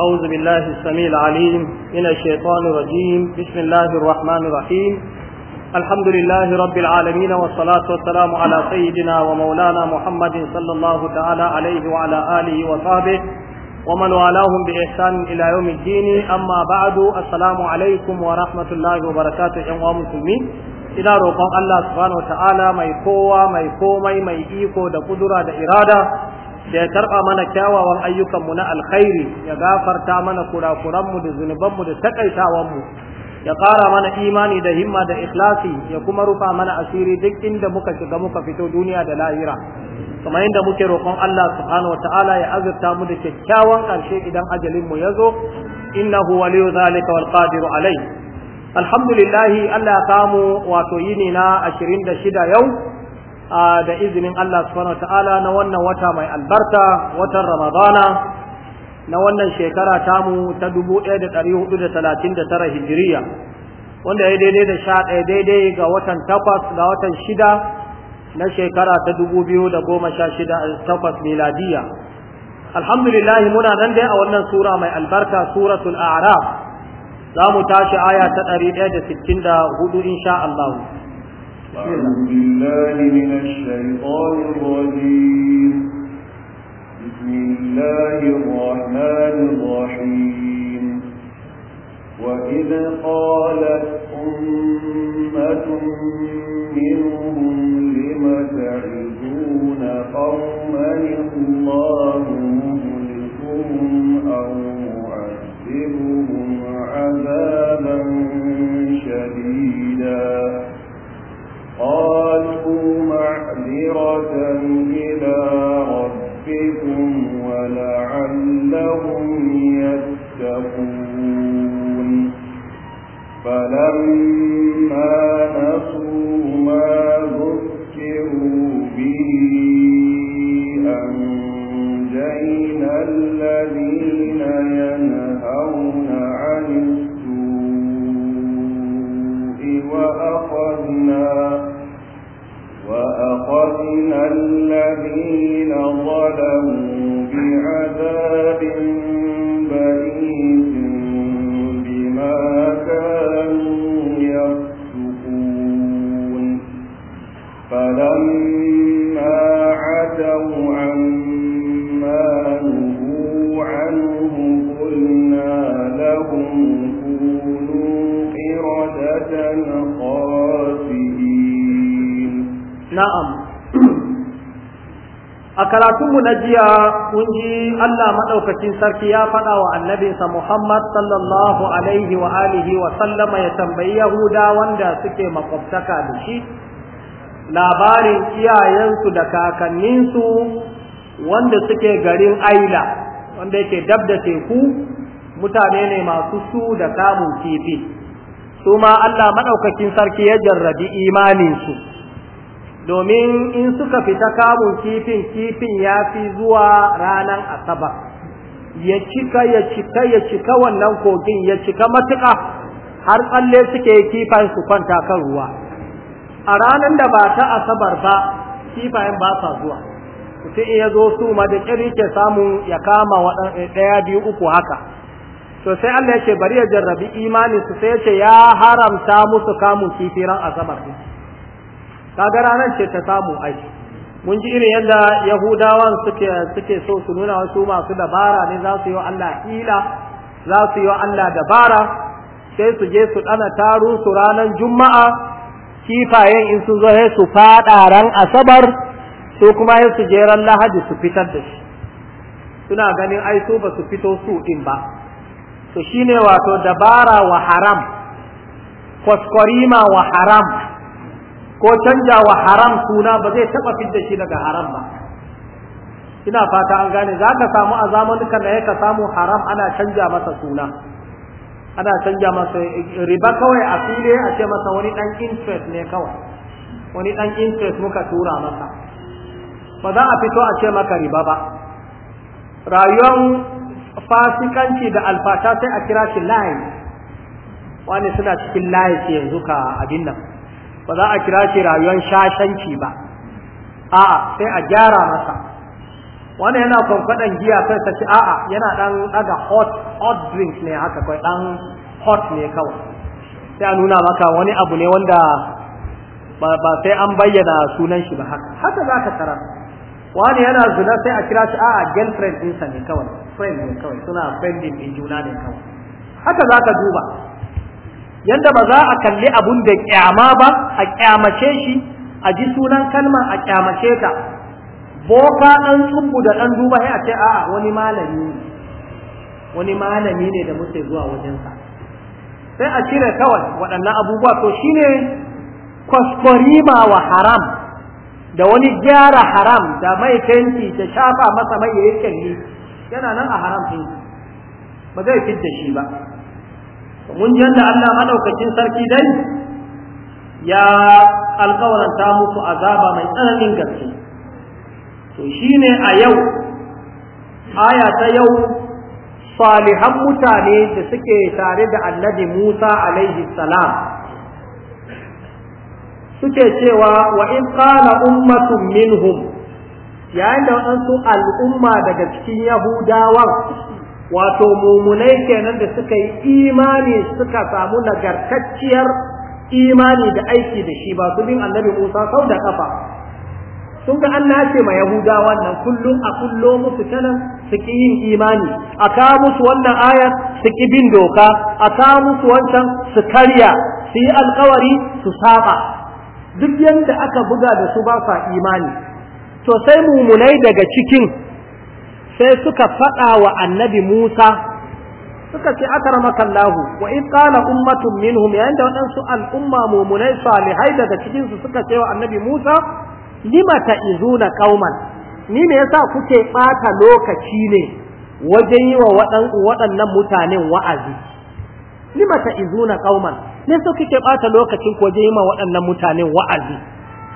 أعوذ بالله السميع العليم من الشيطان الرجيم بسم الله الرحمن الرحيم الحمد لله رب العالمين والصلاة والسلام على سيدنا ومولانا محمد صلى الله تعالى عليه وعلى آله وصحبه ومن والاهم بإحسان إلى يوم الدين أما بعد السلام عليكم ورحمة الله وبركاته يا مسلمين إلى roƙon الله سبحانه وتعالى ما يقوى ما يقوى ما يقوى ما يقوى da irada ya tarɓa mana kyawawan ayyukanmu na alkhairi ya gafarta mana kurakuranmu da zunubanmu da takaitawanmu ya ƙara mana imani da himma da ikhlasi ya kuma rufa mana asiri duk inda muka shiga muka fito duniya da lahira kamar inda muke roƙon Allah subhanahu ya azurta mu da kyakkyawan ƙarshe idan ajalin mu yazo innahu waliyu zalika wal qadiru alai alhamdulillah Allah ya samu wato yini na 26 yau da izinin Allah subhanahu ta'ala na wannan wata mai albarka watan Ramadana na wannan shekara tamu ta 1439 Hijiriya wanda ya daidai da sha daidai ga watan takwas ga watan shida na shekara ta 2016 takwas miladiya alhamdulillah muna nan dai a wannan sura mai albarka suratul a'raf za mu tashi aya ta 164 insha Allah أعوذ بالله من الشيطان الرجيم بسم الله الرحمن الرحيم وإذ قالت أمة منهم لم تعزون قوما الله مهلكهم أو معذبهم عذابا شديدا قالوا معذرة إلى ربكم ولعلهم يتقون فلما الذين ظلموا بعذاب بما كانوا فلما عتوا عما عنه قلنا لهم كونوا قردة نعم a karatunmu na jiya kun ji Allah maɗaukacin sarki ya faɗa wa annabinsa Muhammad sallallahu alaihi wa alihi wa sallama ya tambayi Yahuda wanda suke makwabtaka da shi labarin iyayensu da kakanninsu wanda suke garin Aila wanda yake dab da teku mutane ne masu su da kamun kifi su ma Allah maɗaukacin sarki ya jarrabi imaninsu domin in suka fita kamun kifin kifin ya fi zuwa ranar asabar ya cika ya cika ya cika wannan kogin ya cika matuƙa har tsalle suke kifayen su kwanta kan ruwa a ranar da ba ta asabar ba kifayen ba sa zuwa mutum in ya zo su ma ke samu ya kama eh, ɗaya biyu uku haka to sai Allah ya ce bari ya jarrabi imanin su sai ya ce ya haramta musu kamun kifi ran asabar ɗin kaga ranar ce ta samu ai mun ji irin yadda yahudawan suke suke so su nuna wasu masu dabara ne za su yi wa Allah hila za su yi wa Allah dabara sai su je su dana taru su ranar juma'a kifayen in sun zo sai su fada ran asabar su kuma sai su je ran lahadi su fitar da shi suna ganin ai su ba su fito su din ba to shine wato dabara wa haram kwaskwarima wa haram ko canja wa haram suna ba zai taɓa fidda shi daga haram ba ina fata an gane za ka samu a zamanukan da ya ka samu haram ana canja masa suna ana canja masa riba kawai a fili a ce masa wani dan interest ne kawai wani dan interest muka tura masa ba za a fito a ce maka riba ba rayuwar fasikanci da alfata sai a kira shi wani suna cikin layi yanzu ka abin nan ba za a kira shi rayuwar shashanci ba a'a sai a gyara masa wannan yana kwankwaɗan giya sai ta ce a'a yana ɗan daga hot hot drink ne haka kai ɗan hot ne kawai sai a nuna maka wani abu ne wanda ba sai an bayyana sunan shi ba haka haka za ka tarar wani yana zuna sai a kira shi a'a girlfriend ɗinsa ne kawai friend ne kawai suna friend din juna ne kawai haka za ka duba yanda ba za a kalli abun da kyama ba a kyamace shi a ji sunan kalma a kyamace ta boka dan tsubbu da dan duba sai a ce a'a wani malami ne wani malami ne da muke zuwa wajensa sai a cire kawai waɗannan abubuwa to shine kwaskwarima wa haram da wani gyara haram da mai fenti da shafa masa mai yayin yana nan a haram ɗin ba zai fidda shi ba mun ji yadda Allah maɗaukacin sarki dai ya alƙawaranta musu azaba mai tsananin gaske to shi ne a yau aya ta yau salihan mutane da suke tare da annabi Musa alaihi salam suke cewa wa in qala ummatun minhum yayin da waɗansu al'umma daga cikin yahudawan wato mumunai kenan da suka yi imani suka samu nagartacciyar imani da aiki da shi ba su bin annabi Musa sau da kafa sun ga Allah ce ma Yahuda wannan kullum a kullo musu tanan su ki yin imani a ka musu wannan ayar su ki bin doka a ka musu wancan su karya su yi alkawari su saba duk yadda aka buga da su ba sa imani to sai mumunai daga cikin sai suka faɗa wa annabi Musa suka ce akramakallahu wa in qala ummatun minhum yayin da waɗansu al'umma mumunai salihai daga cikin su suka ce wa annabi Musa lima ta'izuna qauman ni me yasa kuke ɓata lokaci ne wajen yi wa waɗannan mutanen wa'azi lima ta'izuna qauman ne so kike ɓata lokacin ku wajen yi wa waɗannan mutanen wa'azi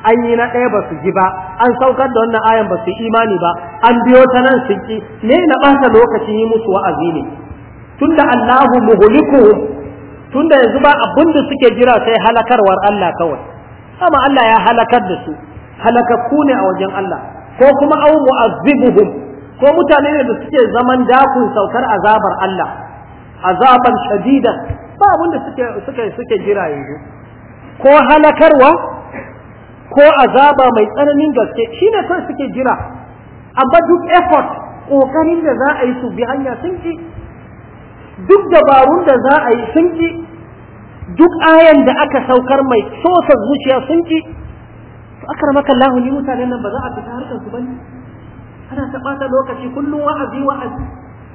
an yi na ɗaya ba su ji ba an saukar da wannan ayan ba su imani ba an biyo ta nan su ki ne na ɓata lokaci yi musu wa'azi ne tunda Allahu muhlikuhum tunda yanzu ba abin da suke jira sai halakarwar Allah kawai amma Allah ya halakar da su halakakku ne a wajen Allah ko kuma au mu'azzibuhum ko mutane ne da suke zaman dakun saukar azabar Allah azaban shadida ba abin da suke suke suke jira yanzu ko halakarwa ko azaba mai tsananin gaske shi ne kawai suke jira amma duk effort kokarin da za a yi su bi hanya sun ci, duk dabarun da za a yi sun ci, duk ayan da aka saukar mai sosa zuciya sun ci, to akramaka Allah ni mutanen nan ba za a fita harkar su bane ana ta ɓata lokaci kullum wa'azi wa'azi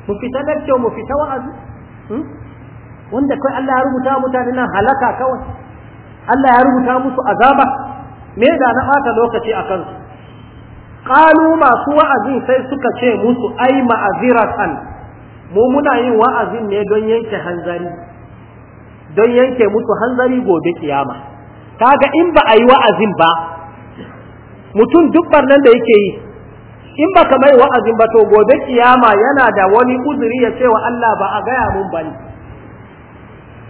mu fita lecture mu fita wa'azi hmm? wanda kai Allah ya rubuta mutane nan halaka kawai Allah ya rubuta musu azaba me da na ɓata lokaci a kansu ƙalu masu wa'azin sai suka ce musu ai ma'aziratan mu muna yin wa'azin ne don yanke hanzari don yanke musu hanzari gobe kiyama kaga in ba a yi wa'azin ba mutum duk barnan da yake yi in ba ka mai wa'azin ba to gobe kiyama yana da wani uzuri ya ce wa Allah ba a gaya mun bane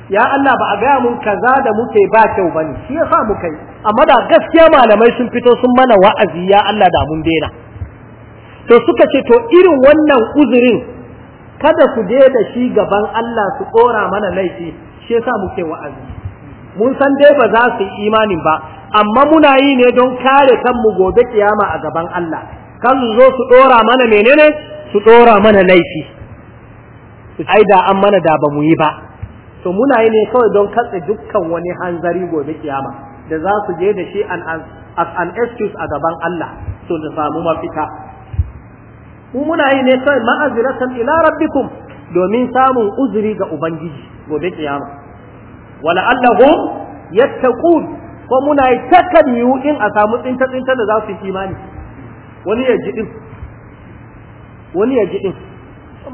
ya Allah ba a gaya mun kaza da muke ba kyau bane shi yasa muka yi amma da gaskiya malamai sun fito sun mana wa'azi ya Allah da mun dena to suka ce to irin wannan uzurin kada su je da shi gaban Allah su kora mana laifi shi yasa muke wa'azi mun san dai ba za su yi imanin ba amma muna yi ne don kare kanmu gobe kiyama a gaban Allah kan su zo su dora mana menene su dora mana laifi su ai da an mana da ba mu yi ba to muna yi ne kawai don katse dukkan wani hanzari gobe kiyama da za su je da shi as an excuse a gaban Allah so da samu mafita mu muna yi ne kai ma'aziratan ila rabbikum domin samun uzuri ga ubangiji gobe kiyama wala allahum yattaqun ko muna yi takanyu in a samu tsinta tsinta da za su yi imani wani ya ji din wani ya ji din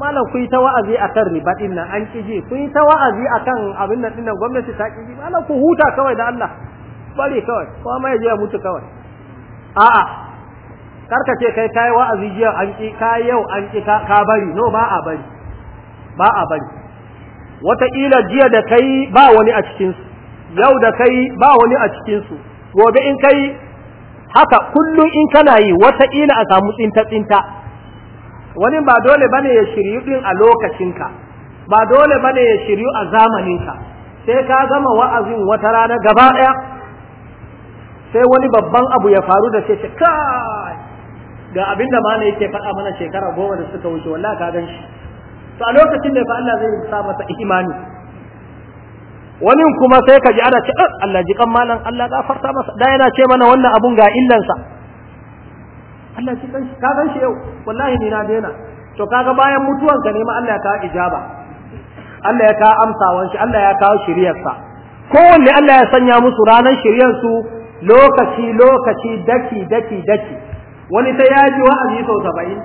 malam kuyi yi ta wa'azi a kan riba ɗin nan an ƙiji kun yi ta wa'azi a kan abin nan ɗin nan gwamnati ta ƙiji malam ku huta kawai da Allah bari kawai ko mai ya mutu kawai a'a karka ce kai kai wa'azi jiya an ki kai yau an ki ka bari no ba a bari ba a bari Wata ila jiya da kai ba wani a cikinsu yau da kai ba wani a cikinsu gobe in kai haka kullum in kana yi ila a samu tsinta-tsinta wani ba dole bane ya shiryu din a lokacinka ba dole bane ya shiryu a zamaninka sai ka gama wa'azin wata rana gaba ɗaya sai wani babban abu ya faru da sai kai ga abinda ma ne yake faɗa mana shekara goma da suka wuce wallahi ka gan shi to a lokacin da fa Allah zai sa masa imani wani kuma sai ka ji ana ce eh, Allah ji kan malam Allah gafarta masa da yana ce mana wannan abun ga illansa Allah ji kan ka gan shi yau wallahi ni na daina to kaga bayan mutuwanka ne ma Allah ya kawo ijaba Allah ya kawo amsawan shi Allah ya kawo shiriyarsa kowanne Allah ya sanya musu ranar su. lokaci lokaci daki daki daki wani ta yaji wa'azi sau saba'in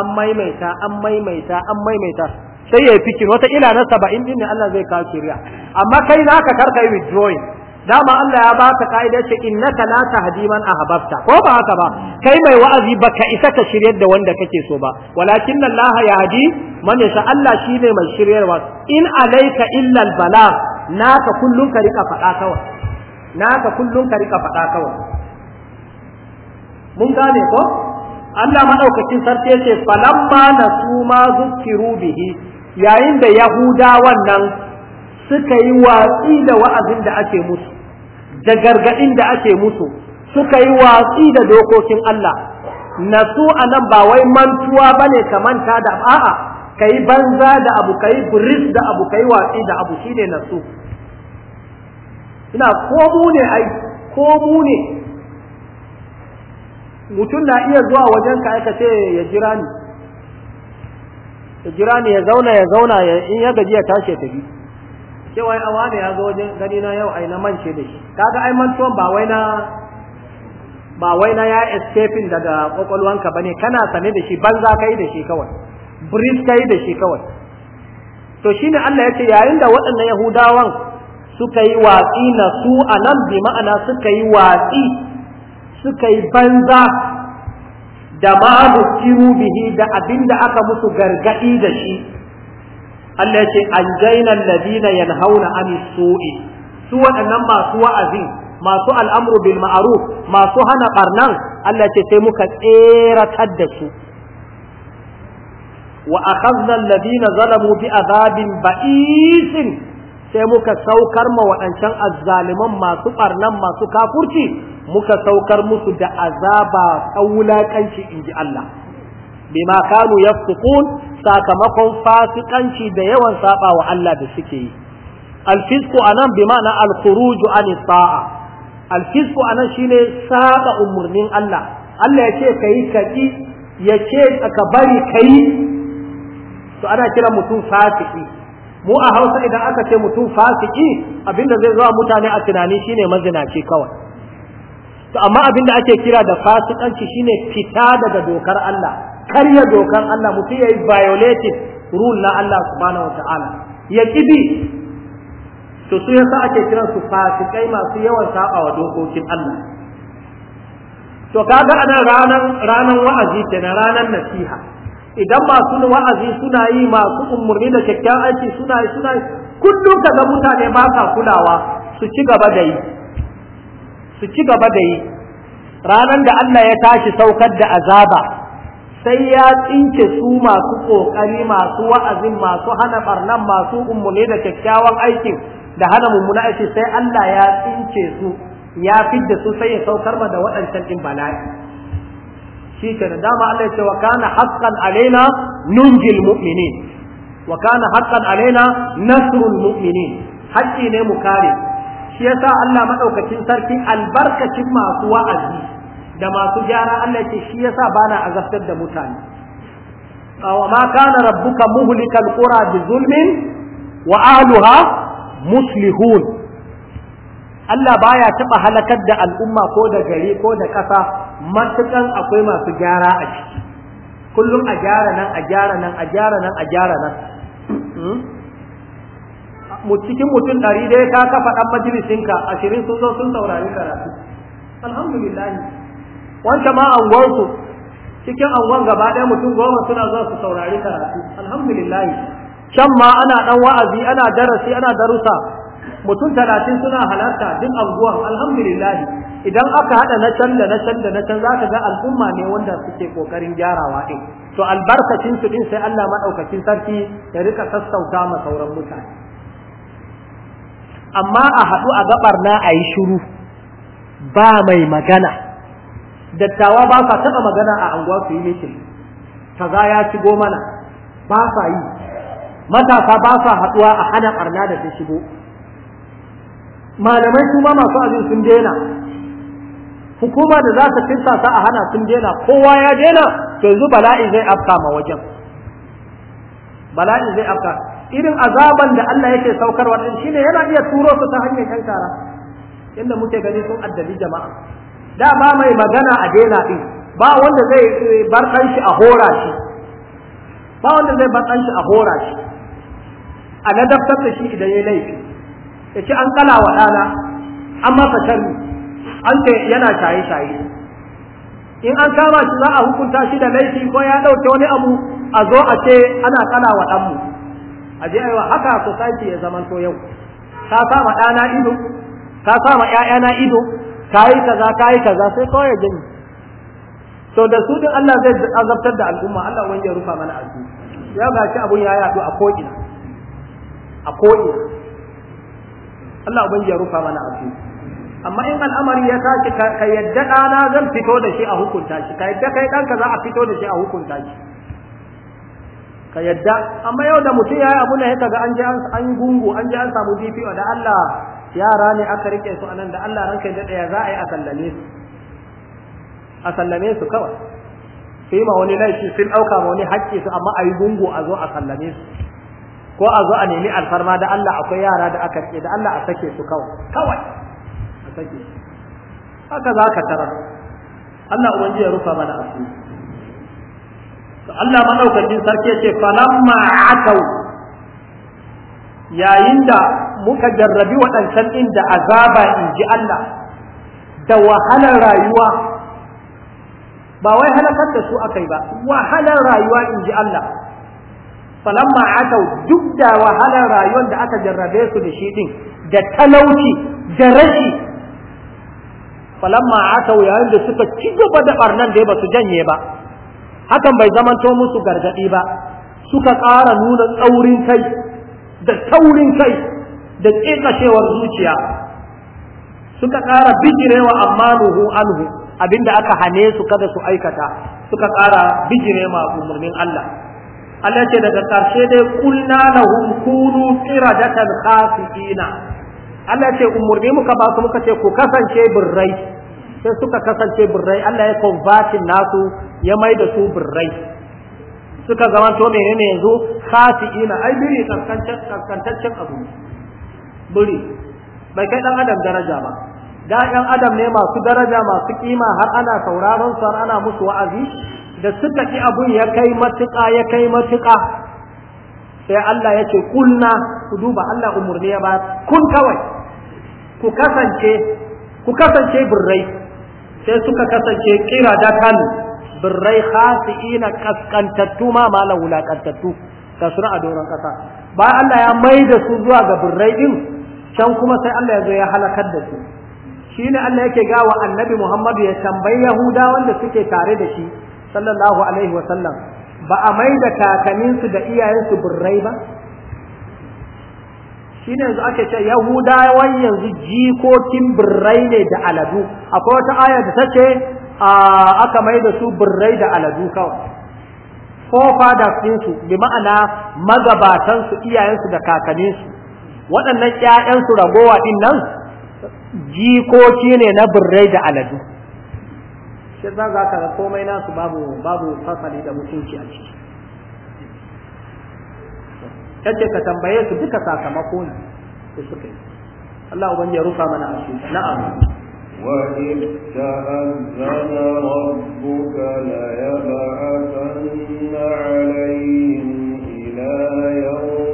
an maimaita an maimaita an maimaita sai ya fikir wata ila na saba'in din ne Allah zai kawo shari'a amma kai naka karka yi withdrawing dama Allah ya baka ka'ida ce innaka la hadiman ahbabta ko ba haka ba kai mai wa'azi baka isa ka shiryar da wanda kake so ba walakin Allah yahdi man yasha Allah shine mai shiryarwa in alayka illa al-bala naka kullun ka rika faɗa kawai naka kullum ka rika faɗa kawai mun gane ko Allah madaukakin sarki yace falamma nasu ma zukiru bihi yayin da Yahuda wannan suka yi watsi da wa'azin da ake musu da gargadin da ake musu suka yi watsi da dokokin Allah nasu anan ba wai mantuwa bane ka manta da a'a kai banza da abu kai buris da abu kai watsi da abu shine nasu ina ko ne ai ko mu ne mutum na iya zuwa wajen ka aka ce ya jira ni ya jira ni ya zauna ya zauna ya in ya gaji ya tashi ya tafi cewa awa ne ya zo wajen gani na yau ai na mance da shi kaga ai mantuwan ba wai na ba wai na ya escaping daga kwakwalwanka bane kana sane da shi banza kai da shi kawai bris kai da shi kawai to shine Allah ya ce yayin da waɗannan Yahudawan suka yi watsi na su a nan bi ma'ana suka yi watsi suka yi banza da ma bihi da abin da aka musu gargaɗi da shi Allah ce an jainan ladina yanhauna an su'i su waɗannan masu wa'azi masu al'amru bil Ma'aruf, masu hana barnan Allah ce sai muka tseratar da su wa akhadna alladhina zalamu bi azabin ba'isin sai muka saukar ma waɗancan azzaliman masu ɓarnan masu kafurci muka saukar musu da azaba ta wulaƙanci in ji Allah bima kanu yafsukun sakamakon fasikanci da yawan saba wa Allah da suke yi alfisku anan bi ma'ana alkhuruju an ta'a alfisku anan shine saba umarnin Allah Allah ya ce kai kaki ya ce ka bari yi. to ana kira mutum fasiki mu a hausa idan aka ce mutum fasiki abinda zai zuwa mutane a tunani shine mazinaci kawai to amma abinda ake kira da fasikanci shine fita daga dokar Allah karya dokar Allah mutum yayi violating rule na Allah subhanahu wataala ya kibi to su yasa ake kiran su fasikai masu yawan saba wa dokokin Allah to kaga ana ranan ranan wa'azi kenan ranan nasiha idan masu wa'azi suna yi masu umarni da kyakkyawan aiki suna yi suna yi kullum ka ga mutane ba sa kulawa su ci gaba da yi su ci gaba da yi ranar da Allah ya tashi saukar da azaba sai ya tsince su masu kokari masu wa'azin masu hana barnan masu umarni da kyakkyawan aiki da hana mummuna aiki sai Allah ya tsince su ya fidda su sai ya saukar ma da waɗancan ɗin bala'i shi da dama Allah ya ce wa kana haqqan alaina nunjil mu'minin wa kana haqqan alaina nasrul mu'minin haƙƙi ne mu kare shi yasa Allah madaukakin sarki albarkacin masu wa'azi da masu gyara Allah ya ce shi yasa bana azabtar da mutane wa ma kana rabbuka muhlikal qura bi zulmin wa ahluha muslihun Allah baya taɓa halakar da al'umma ko da gari ko da ƙasa matukan akwai masu gyara a ciki kullum a gyara nan a gyara nan a gyara nan a gyara nan hmm? cikin mutum ɗari dai ka kafa ɗan majalisinka ashirin sun zo sun saurari karatu alhamdulillah wanda ma anguwarsu cikin anguwan gaba ɗaya mutum goma suna zuwa su saurari karatu alhamdulillah can ma ana ɗan wa'azi ana darasi ana darusa mutum talatin suna halarta duk anguwan alhamdulillah idan aka hada na can da na can da na can za ka ga al'umma ne wanda suke kokarin gyarawa din to albarkacin su din sai Allah madaukakin sarki ya rika sassauta ma sauran mutane amma a haɗu a gabar na a yi shiru ba mai magana dattawa ba sa taɓa magana a anguwa su yi mitin kaza ya shigo mana ba sa yi matasa ba sa haɗuwa a hana ɓarna da ta shigo malamai su masu abin sun dena hukuma da za ta kinsa sa a hana sun dena kowa ya dena to yanzu bala'i zai afka ma wajen bala'i zai afka irin azaban da Allah yake saukarwa din shine yana iya turo su ta hanyar kan shara inda muke gani sun addabi jama'a da ba mai magana a dena din ba wanda zai eh, bar shi a hora shi ba wanda zai bar shi a hora shi a ladabtar da shi idan ya laifi ya an kala wa ɗana an masa sharri an ce yana shaye-shaye in an kama shi za a hukunta shi da laifi ko ya ɗauke wani abu a zo a ce ana kala wa ɗanmu a je aiwa haka society ya zamanto yau ka sama ɗana ido ka sama na ido ka yi kaza ka yi kaza sai kawai ya gani to da su din Allah zai azabtar da al'umma Allah wanda ya rufa mana asiri ya ga shi abun ya yaɗu a ko'ina a ko'ina Allah ubangi ya rufa mana abu amma in al'amari ya tashi ka yadda ɗana zan fito da shi a hukunta shi ka yadda kai ɗanka za a fito da shi a hukunta shi ka yadda amma yau da mutum yayi abu ne kaga an je an gungu an je an samu DPO da Allah yara ne aka rike su anan da Allah ranka da daya za a yi a sallame su a sallame su kawai sai ma wani laifi sun ɗauka ma wani haƙƙi su amma ayi gungu a zo a sallame su ko a zo a nemi alfarma da Allah akwai yara da aka ce da Allah a sake su kawai kawai a sake haka za ka tarar Allah ya rufa mana asiri Allah madaukakin sarki ya ce falamma atau yayin da muka jarrabi waɗancan inda azaba in ji Allah da wahalar rayuwa ba wai halakar da su akai ba wahalar rayuwa in ji Allah falamma aka duk da wahalar rayuwar da aka jarrabe su da shi din da talauci da rashi falamma aka yayin da suka ci gaba da barnan da ba su janye ba hakan bai zamanto musu gargadi ba suka ƙara nuna tsaurin kai da taurin kai da ƙiƙashewar zuciya suka ƙara bijirewa amma ruhu anhu abinda aka hane su kada su aikata suka ƙara bijire ma umarnin Allah Allah ce daga ƙarshe dai kulna lahum kunu qiradatan khasifina Allah ce umurni muka ba su muka ce ku kasance birrai sai suka kasance birrai Allah ya convertin nasu ya mai da su birrai suka zama to menene yanzu khasifina ai biri kaskantaccen abu biri bai kai dan adam daraja ba da yan adam ne masu daraja masu kima har ana sauraron su har ana musu wa'azi da suka ƙi abun ya kai matuƙa ya kai matuƙa sai Allah ya ce kunna ku duba Allah umurni ya ba kun kawai ku kasance ku kasance birrai sai suka kasance kira da kan birrai ina kaskantattu ma mala wulakantattu ka suna a doron kasa ba Allah ya mai da su zuwa ga birrai din can kuma sai Allah ya zo ya halakar da su shi ne Allah yake gawa annabi Muhammad ya tambayi Yahudawan da suke tare da shi sallallahu alaihi wasallam ba a mai da kakanninsu da iyayensu burrai ba shi ne yanzu ake ce yahudawan yanzu jikokin birrai ne da aladu akwai wata aya da ta ce aka mai da su birrai da aladu kawai forefathers ɗinsu bi ma'ana magabatansu iyayensu da kakanninsu waɗannan ƴaƴansu ragowa ɗin nan jikoki ne na birrai da aladu shi za za ka ga komai nasu babu babu fasali da mutunci a ciki kace ka tambaye su duka sakamako ne da suka yi Allah ubangi ya rufa mana asiri na'am وإذ تأذن ربك ليبعثن عليهم إلى يوم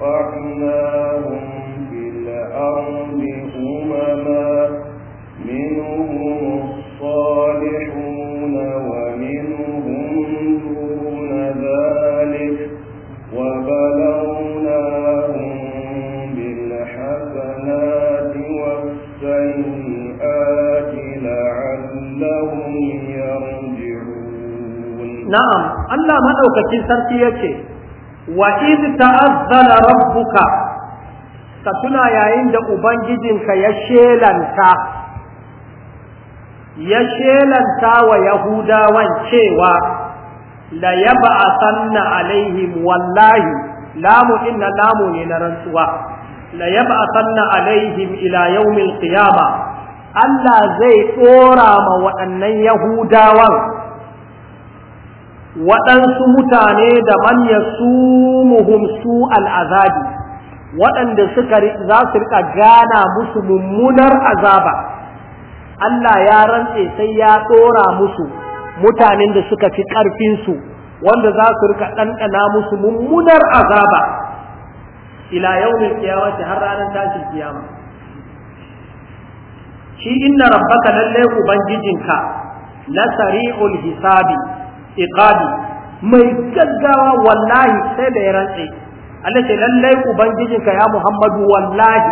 وقطعناهم في الأرض أمما منهم الصالحون ومنهم دون ذلك وبلوناهم بالحسنات والسيئات لعلهم يرجعون نعم الله ما أوكتين سرتي يكي wa iz ta'azzana rabbuka ka tuna yayin da ubangijin ka ya shelanta ya shelanta wa yahudawan cewa la yab'athanna alaihim wallahi lamu inna lamu ne na rantsuwa la yab'athanna alaihim ila yawmil qiyamah Allah zai ɗora ma waɗannan yahudawan waɗansu mutane da manya su muhum su al'azabi waɗanda suka za su rika gana musu mummunar azaba Allah ya rantse sai ya ɗora musu mutanen da suka fi ƙarfinsu wanda za su rika ɗanɗana musu mummunar azaba ila yau mai har ranar tashin kiyama shi inna rabbaka lallai ubangijinka na sari'ul hisabi iqadi mai gaggawa wallahi sai da ya rantse Allah ce lallai ubangijinka ya Muhammadu wallahi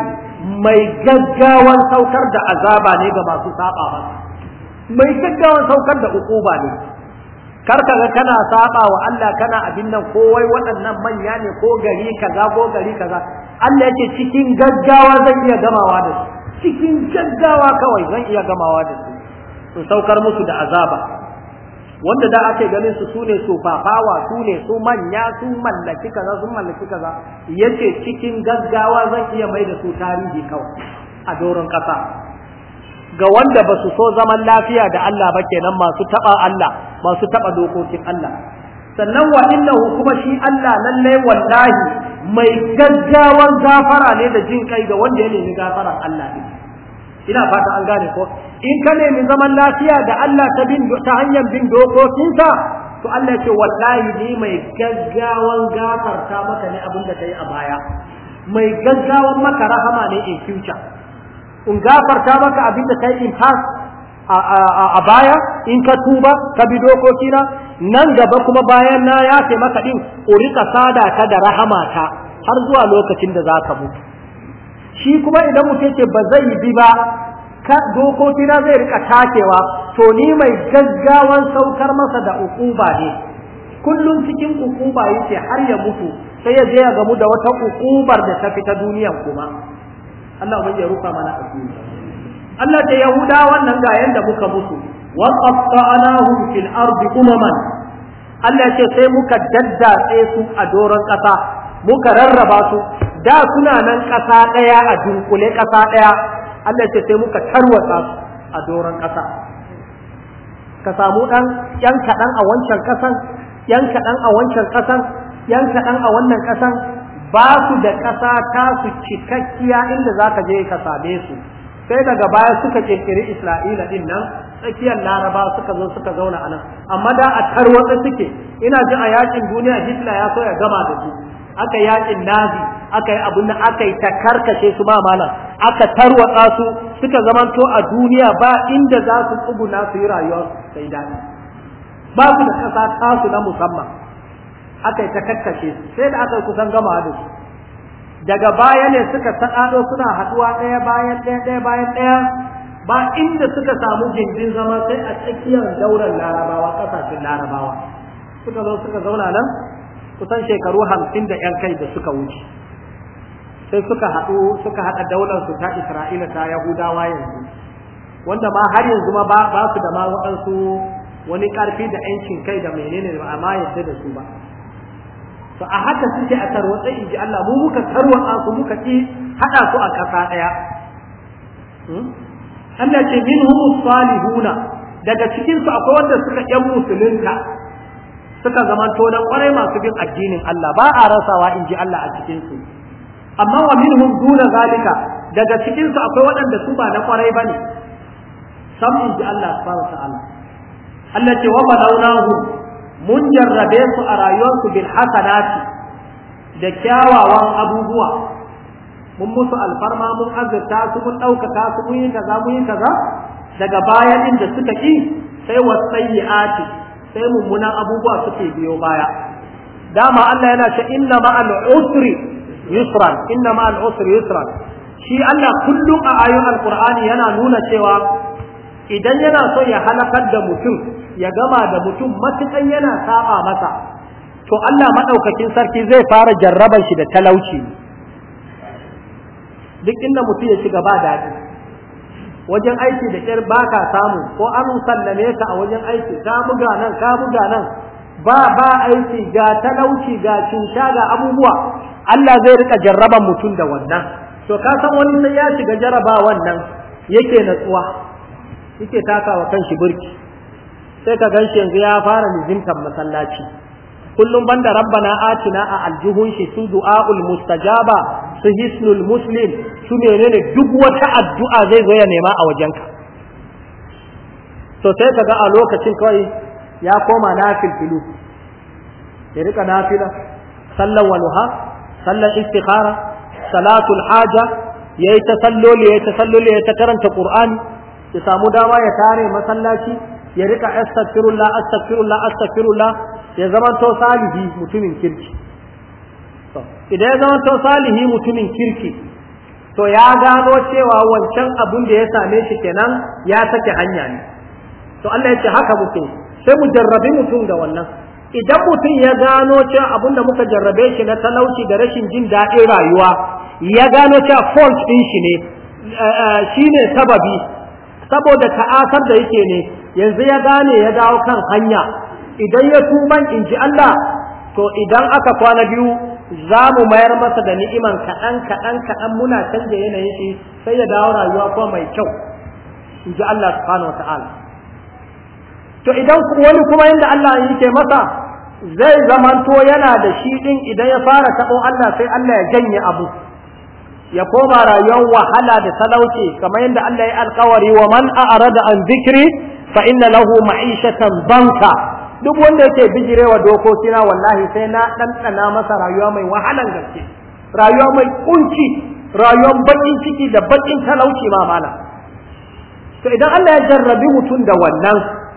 mai gaggawan saukar da azaba ne ga masu saba ba mai gaggawan saukar da ukuba ne kar ga kana saba wa Allah kana abin nan ko wai waɗannan manya ne ko gari kaza ko gari kaza Allah yake cikin gaggawa zan iya gamawa da su cikin gaggawa kawai zan iya gamawa da su to saukar musu da azaba wanda da ake ganin su sune su sune su manya su mallaki kaza su mallaki kaza yace cikin gaggawa zan iya mai da su tarihi kawai a doron kasa ga wanda ba su so zaman lafiya da Allah ba kenan masu taba Allah masu taba dokokin Allah sannan wa innahu kuma shi Allah lalle wallahi mai gaggawan gafara ne da jin kai ga wanda ya nemi gafaran Allah ne ina fata an gane ko in ka nemi zaman lafiya da Allah ta bin ta hanyar bin dokokinsa to Allah ce wallahi ni mai gaggawan gafarta maka ne abin da kai a baya mai gaggawan maka rahama ne in future in gafarta maka abin da kai in past a baya in ka tuba ka bi dokokina nan gaba kuma bayan na yafe maka din ka sada ta da rahamata har zuwa lokacin da za ka mutu shi kuma idan mutum ce ba zai bi ba ka dokokina zai rika takewa to ni mai gaggawan saukar masa da ukuba ne kullum cikin ukuba yake har ya mutu sai ya je ya gamu da wata ukubar da ta fita duniyan kuma Allah ubangiji ya rufa mana asiri Allah da Yahuda wannan ga yanda muka mutu wa qatta'nahum fil ardi umaman Allah ya ce sai muka daddatse su a doron kasa muka rarraba su da suna nan ƙasa ɗaya a dunkule ƙasa ɗaya Allah ce sai muka tarwatsa su a doron ƙasa ka samu ɗan ƴan kaɗan a wancan ƙasan ƴan kaɗan a wancan ƙasan ƴan kaɗan a wannan ƙasan ba su da ƙasa ta su cikakkiya inda za ka je ka same su sai daga baya suka ƙirƙiri Isra'ila ɗin nan tsakiyar laraba suka zo suka zauna anan amma da a tarwatsa suke ina ji a yaƙin duniya hitler ya so ya gama da su aka yaƙin nazi aka yi abin da aka yi ta karkace su ba malam aka tarwatsa su suka zamanto a duniya ba inda za su tsuguna su yi rayuwa sai daɗi ba su da ƙasa tasu na musamman aka yi ta karkashe su sai da aka yi kusan gama da su daga baya ne suka saɗaɗo suna haɗuwa ɗaya bayan ɗaya ɗaya bayan ɗaya ba inda suka samu gindin zama sai a tsakiyar dauran larabawa ƙasashen larabawa suka zo suka zauna nan kusan shekaru hamsin da 'yan kai da suka wuce sai suka haɗu suka haɗa daular ta Isra'ila ta Yahudawa yanzu wanda ma har yanzu ma ba su da ma waɗansu wani ƙarfi da yancin kai da menene ba amma yadda da su ba to a haka suke a tarwatsa inji Allah mu muka tarwatsa su muka ki haɗa su a ƙasa ɗaya hmm? Allah ce minhum salihuna daga cikin akwai wanda suka ƴan musulunta suka zamanto na ƙwarai masu bin addinin Allah ba a rasawa inji Allah a cikinsu. su amma wa minhum duna zalika daga cikin su akwai waɗanda su ba na kwarai bane sam in ji Allah subhanahu wa ta'ala Allah ce wa balawnahu mun jarrabe su a rayuwarsu bil hasanati da kyawawan abubuwa mun musu alfarma mun azurta su mun ɗaukaka su mun yi kaza mun yi kaza daga baya inda suka ki sai wasayyi'ati sai mummunan abubuwa suke biyo baya dama Allah yana ce inna ma'al usri يسرا inna العسر يسرا shi Allah kullum a ayoyin alkur'ani yana nuna cewa idan yana so ya halakar da mutum ya gama da mutum matukan yana saba masa to Allah madaukakin sarki zai fara jarraban shi da talauci duk inda mutum ya shiga ba daɗi wajen aiki da kyar baka samu ko an sallame ka a wajen aiki ka buga nan ka buga nan ba ba aiki ga talauci ga cinsha ga abubuwa Allah zai rika jarraban mutum da wannan to ka san wani sai ya shiga jaraba wannan yake natsuwa yake takawa kan shi burki sai ka gan shi yanzu ya fara nizimtar masallaci kullum banda rabbana atina a aljihun shi su du'aul mustajaba su hisnul muslim su menene duk wata addu'a zai zo ya nema a wajenka to sai ka ga a lokacin kawai ya koma nafil filu ya rika nafila sallan walha sallar istikhara salatul haja yayi ta salloli yayi ta salloli yayi ta karanta qur'ani ya samu dama ya tare masallaci ya rika astaghfirullah astaghfirullah astaghfirullah ya zama to salihi mutumin kirki to idan ya zama to salihi mutumin kirki to ya gano cewa wancan abun da ya same shi kenan ya sake hanya ne to Allah ya ce haka muke sai mu jarrabi mutum da wannan idan mutum ya gano cewa abin da muka jarrabe shi na talauci da rashin jin daɗin rayuwa ya gano cewa fault ɗin shi ne eh, eh, shi ne sababi saboda ta'asar da yake ne yanzu ya gane ya dawo kan hanya idan ya tuban in ji Allah to idan aka kwana biyu za mu mayar masa da ni'iman kaɗan kaɗan kaɗan muna canja yanayin shi sai ya dawo rayuwa kuma mai kyau in ji Allah subhanahu ta'ala to idan wani kuma yanda Allah yake masa zai zamanto yana da shi din idan ya fara tabo Allah sai Allah ya janye abu ya koma rayuwar wahala da talauci kamar yadda Allah ya alkawari wa man a'rada an zikri fa inna lahu ma'ishatan banka duk wanda yake bijirewa dokokina wallahi sai na ɗanɗana masa rayuwa mai wahalan gaske rayuwa mai kunci rayuwar bakin ciki da bakin talauci ma mana to idan Allah ya jarrabi mutum da wannan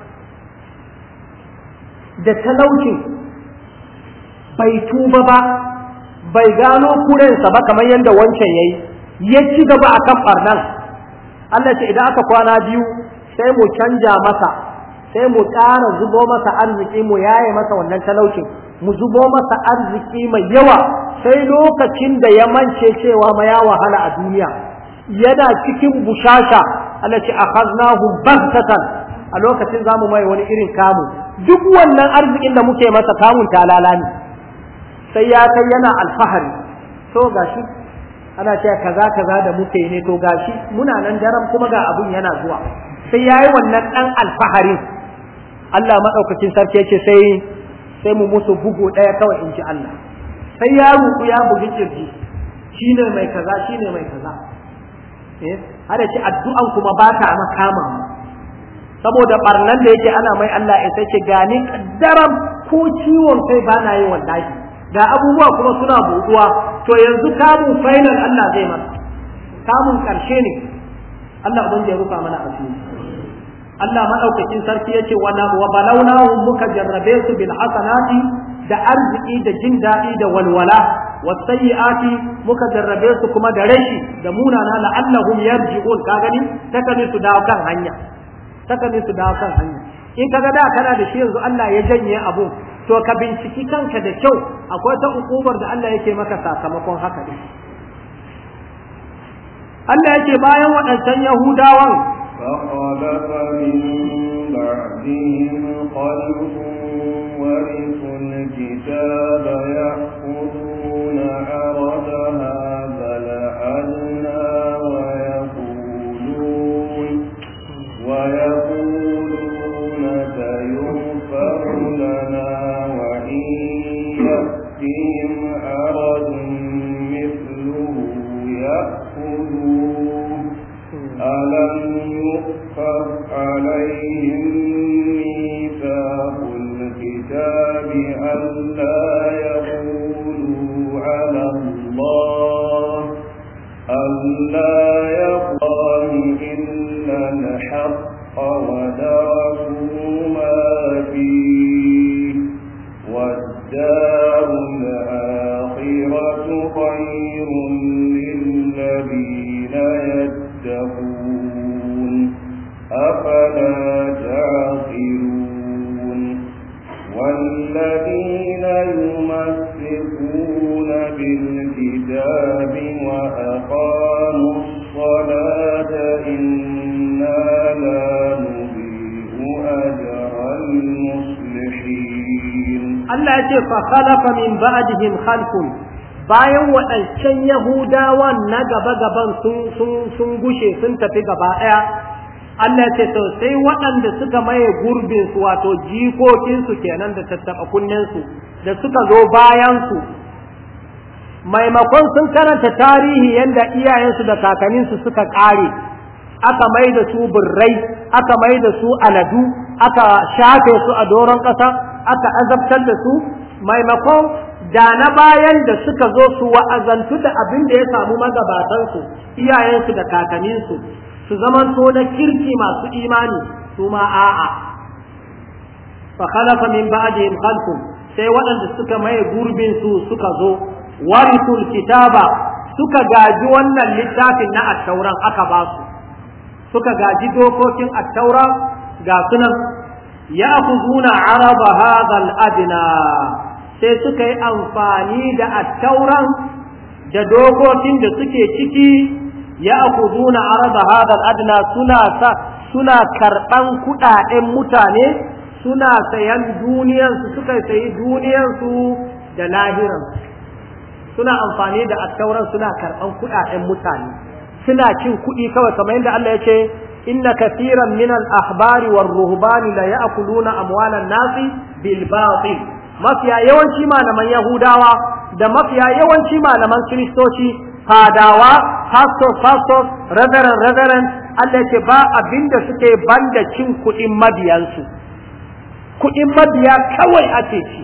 da talaucin bai tuba ba bai gano kurensa ba kamar yadda wancan yayi. ya ci gaba a kan Allah ce idan aka kwana biyu sai mu canja masa sai mu ƙara zubo masa arziki mu yaye masa wannan talaucin mu zubo masa arziki mai yawa sai lokacin da ya mance cewa ma ya wahala a duniya yana cikin bushasha Allah ce akhaznahu baghtatan a lokacin zamu mai wani irin kamu duk wannan arzikin da muke masa kamun talala ne sai ya kai yana alfahari to gashi ana cewa kaza kaza da muke ne to gashi muna nan daram kuma ga abun yana zuwa sai yayi wannan dan alfaharin Allah madaukakin sarki yake sai sai mu musu bugu daya kawai in ji Allah sai ya ruku ya bugi kirji shine mai kaza shine mai kaza eh har ce addu'an kuma ba ta makama saboda barnan da yake ana mai Allah ya sace gane gani kaddaram ko ciwon kai ba na yi wallahi ga abubuwa kuma suna buɗuwa to yanzu kamun final Allah zai mana kamun karshe ne Allah da ya rufa mana asiri Allah madaukakin sarki yace wala wa balawnahum muka jarrabe su bil hasanati da arziki da jin daɗi da walwala wasayyi'ati muka jarrabe su kuma da rashi da munana la'allahum yarji'un ka gani ta su dawo kan hanya sakamin su dawo kan hanya in kaga da kana da shi yanzu Allah ya janye abu to ka binciki kanka da kyau akwai ta ukubar da Allah yake maka sakamakon haka ne Allah yake bayan waɗancan Yahudawan فخلف بعدهم خلف ورثوا الكتاب يأخذون عرض هذا ويقولون ويقولون لا الكتاب ألا على الله ألا يقال إلا الحق ودرسوا أفلا تعقلون والذين يمسكون بالكتاب وأقاموا الصلاة إنا لا نضيع أجر المصلحين الله يقول فخلف من بعدهم خلف bayan waɗancan Yahudawan na gaba-gaban sun gushe sun tafi gaba ɗaya Allah ce to sai waɗanda suka maye gurbin su wato jikokinsu kenan da kunnen su da suka zo bayan su. maimakon sun karanta tarihi yadda iyayensu da kakanninsu suka kare, aka mai da su birrai aka mai da su aladu aka shafe su a doron ƙasa aka azabtar da su maimakon da na bayan da suka zo su wa'azantu da abin da ya samu magabatansu iyayensu da kakanninsu su zaman to na kirki masu imani su ma a'a fa khalafa min ba'dihim khalqun sai waɗanda suka maye gurbin su suka zo warithul kitaba suka gaji wannan littafin na attauran aka ba su suka gaji dokokin at-taura ga sunan ya'khuzuna araba hadha al-adna sai suka yi amfani da attauran da dokokin da suke ciki Ya'a arada hadha al-adna suna sa suna karban kuɗaɗen mutane suna sayan duniyansu suka sayi duniyansu da lahiran. suna amfani da attauran suna karban kuɗaɗen mutane suna cin kuɗi kawai kamar yadda Allah ya ce inna kathiran min al-ahbari war ruhbani la ya'kuluna amwalan nasi bil batil mafiya yawanci malaman yahudawa da mafiya yawanci malaman Kiristoci. fadawa pastor pastor reverend reverend Allah ce ba abin da suke banda cin kuɗin mabiyansu kuɗin mabiya kawai ake ci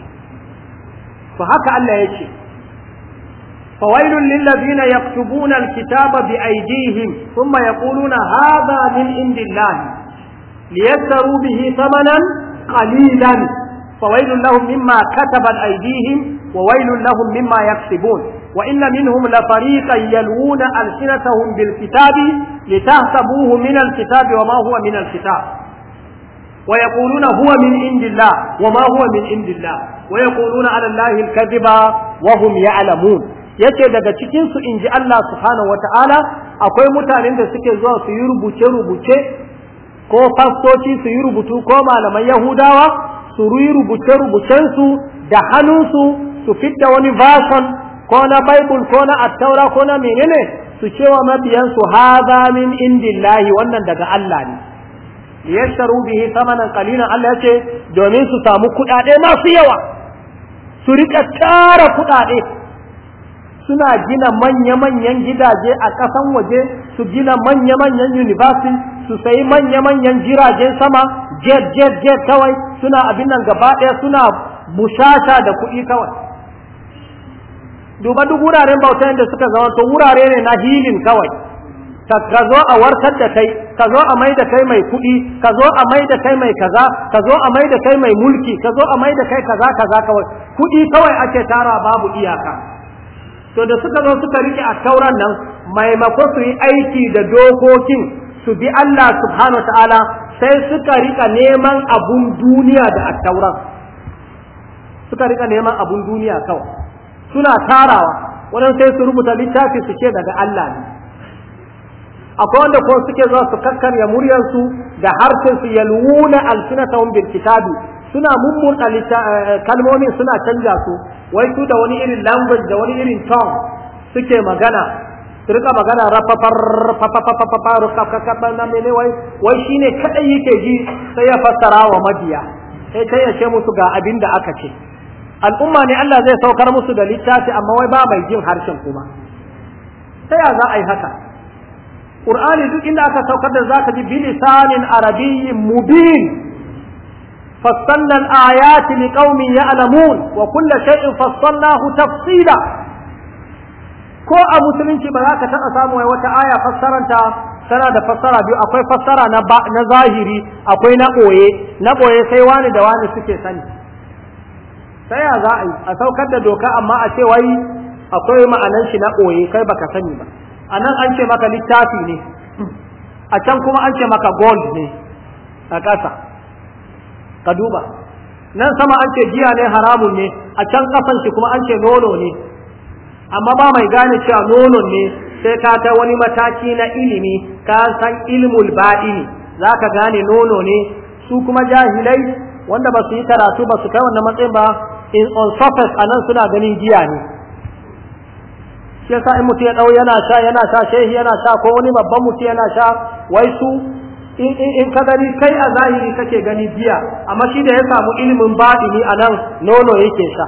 to haka Allah ya ce فويل للذين يكتبون الكتاب بأيديهم ثم يقولون هذا من عند الله ليشتروا به ثمنا قليلا فويل لهم مما كتبت أيديهم وويل لهم مما يكسبون وإن منهم لفريقا يلوون ألسنتهم بالكتاب لتحسبوه من الكتاب وما هو من الكتاب ويقولون هو من عند الله وما هو من عند الله ويقولون على الله الكذب وهم يعلمون yace daga cikin su inji Allah subhanahu wataala akwai mutanen da suke zuwa su yi rubuce rubuce ko fastoci su yi rubutu ko malaman Yahudawa su yi rubuce rubucensu da hannunsu su fitta wani vason. ko na bible ko na attaura ko na menene su cewa su haza min indillahi wannan daga Allah ne yashtaru bihi thamanan qalilan Allah yace domin su samu kudade masu yawa su rika tara kudade suna gina manya-manyan gidaje a ƙasan waje su gina manya-manyan university su sayi manya-manyan jiragen sama jet jet jet kawai suna abin nan gaba ɗaya suna bushasha da kuɗi kawai duba duk wuraren bautan da suka zama to wurare ne na hilin kawai ka zo a warkar da kai ka zo a mai da kai mai kuɗi ka zo a mai da kai mai kaza ka zo a mai da kai mai mulki ka zo a mai da kai kaza kaza kawai kuɗi kawai ake tara babu iyaka to da suka zo suka rike a tauran nan maimako su yi aiki da dokokin su bi Allah subhanahu ta'ala sai suka rika neman abun duniya da attauran suka rika neman abun duniya kawai suna tarawa wannan sai su rubuta littafi su ce daga Allah ne akwai wanda ko suke zuwa su kakkarya su da harshen su yalwuna alsinatahum bil kitabi suna mummurta eh, kalmomin suna canja su wai su da wani irin language da wani irin tongue suke magana su rika magana wai shine kadai yake ji sai ya fassara wa mabiya sai kai ya ce musu ga abin da aka ce al'umma ne Allah zai saukar musu da littafi amma wai ba mai jin harshen kuma ta ya za a yi haka Qur'ani duk inda aka saukar da zaka ji bilisanin arabiyyin mubin فصلنا الآيات لقوم يعلمون وكل شيء فصلناه تفصيلا ko a musulunci ba za ka taɓa samu wai wata aya fassaranta tana da fassara biyu akwai fassara na zahiri akwai na ɓoye na ɓoye sai wani da wani suke sani Saya ya za a yi a saukar da doka amma a ce wai akwai ma'anan shi na ɓoye kai baka sani ba a nan an ce maka littafi ne a can kuma an ce maka gold ne a ƙasa ka duba nan sama an ce giya ne haramun ne a can ƙasan shi kuma an ce nono ne amma ba mai gane cewa nono ne sai ka ta wani mataki na ilimi ka san ilmul ba'ini za ka gane nono ne su kuma jahilai wanda ba su yi karatu ba su kai wannan matsayin ba in on surface a suna ganin giya ne shi yasa in mutum ya ɗau yana sha yana sha shehi yana sha ko wani babban mutum yana sha wai su in in in ka gani kai a zahiri kake gani giya amma shi da ya samu ilimin baɗini anan nono yake sha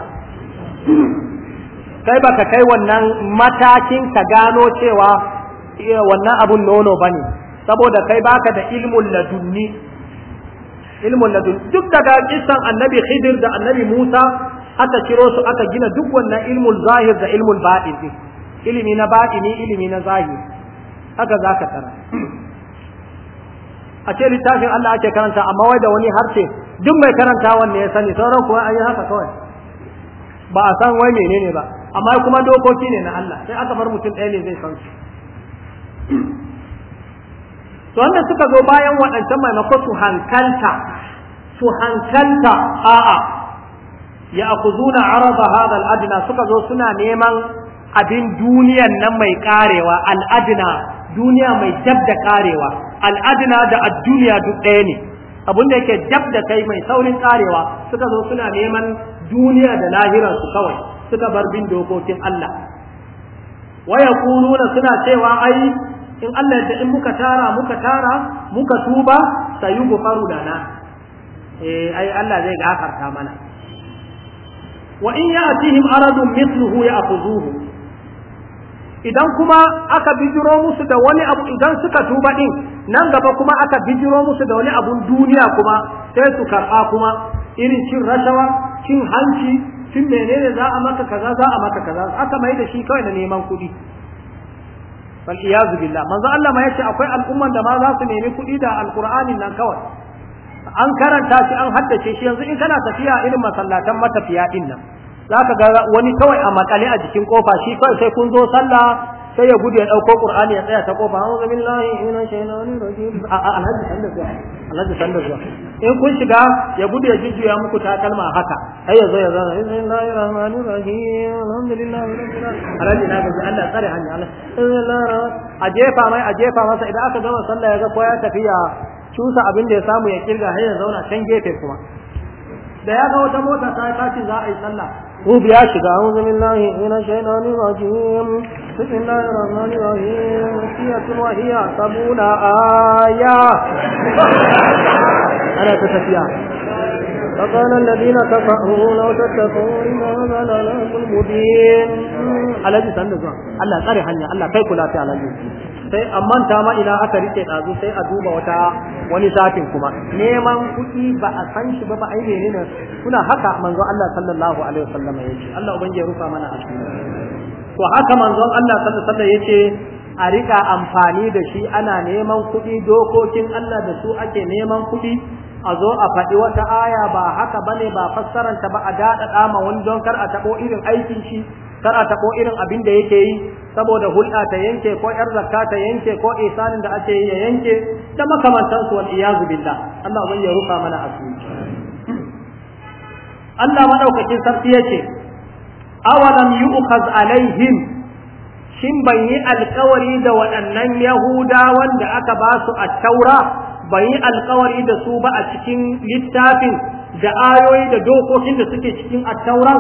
kai baka kai wannan matakin ka gano cewa wannan abun nono bane saboda kai baka da ilmun ladunni ilmun na duk daga kissan annabi khidir da annabi musa aka ciro su aka gina duk wannan ilmul zahir da ilmul ba'in. ilimi na ba'ini, ilimi na zahir, haka za ka tara a ce littafin Allah ake karanta amma wai da wani harshe duk mai karanta wanne ya sani sauran kuwa an yi haka kawai ba a san wai menene ba amma kuma dokoki ne na Allah sai aka bar mutum ɗaya ne zai san su to wanda suka zo bayan waɗancan maimako su hankalta su hankalta a'a ya akuzuna araba hada al'adina suka zo suna neman abin duniyan nan mai karewa al'adina duniya mai dab da karewa al'adina da ad-duniya duk ɗaya ne abin da yake dab da kai mai saurin karewa suka zo suna neman duniya da lahira su kawai suka bar bin dokokin Allah waya nuna suna cewa ai in Allah ya in muka tara muka tara muka tuba sayu gufaru na. eh ai Allah zai gafarta mana wa in ya'tihim aradun mithluhu ya'khuzuhu idan kuma aka bijiro musu da wani abu idan suka tuba din nan gaba kuma aka bijiro musu da wani abun duniya kuma sai su karɓa kuma irin cin rashawa cin hanci cin menene za a maka kaza za a maka kaza aka mai da shi kawai na neman kuɗi bal iyazu billah manzo Allah ma yace akwai al'umman da ma za su nemi kuɗi da alqur'anin nan kawai an karanta shi an haddace shi yanzu in kana tafiya irin masallatan matafiya din nan zaka ga wani kawai a makale a jikin kofa shi kawai sai kun zo sallah sai ya gudu ya ɗauko ƙur'ani ya tsaya ta ƙofa hau lahi ina rajim a alhaji sanda zuwa alhaji sanda zuwa in kun shiga ya gudu ya jujjuya muku ta kalma haka sai ya zo ya zana inna lillahi rahmanir alhamdulillahi rabbil alamin alhaji na gaji Allah tsare hanya Allah a jefa mai a jefa masa idan aka gama sallah ya ga ko ya tafi ya cusa abin da ya samu ya kirga har ya zauna can gefe kuma da ya ga wata mota ta yi tashi za a yi tsalla. Rubi ya shiga, بسم الله الرحمن الرحيم وصية وهي سبعون آية أنا تتفيا فقال الذين كفروا لو تتقون لماذا لا لهم المبين على جي سند زوان الله قري حنيا الله كي sai amman ta ma ina aka rike dazu sai a duba wata wani zafin kuma neman kuɗi ba a san shi ba ba ai kuna haka manzo Allah sallallahu alaihi wasallam yake Allah ubangiji ya rufa mana asiri to haka manzon Allah sallallahu alaihi yace a rika amfani da shi ana neman kuɗi dokokin Allah da su ake neman kuɗi a zo a faɗi wata aya ba haka bane ba fassaranta ba a daɗaɗa ma wani don kar a tabo irin aikin shi kar a tabo irin abin da yake yi saboda hulɗa ta yanke ko yar zakka ta yanke ko isanin da ake yi ya yanke da makamantansu wal iyazu billah Allah ya rufa mana asiri Allah madaukakin sarki yake awalam yu'khaz alaihim shin ban yi alkawari da waɗannan yahudawan da aka ba su a taura ban yi alkawari da su ba a cikin littafin da ayoyi da dokokin da suke cikin attauran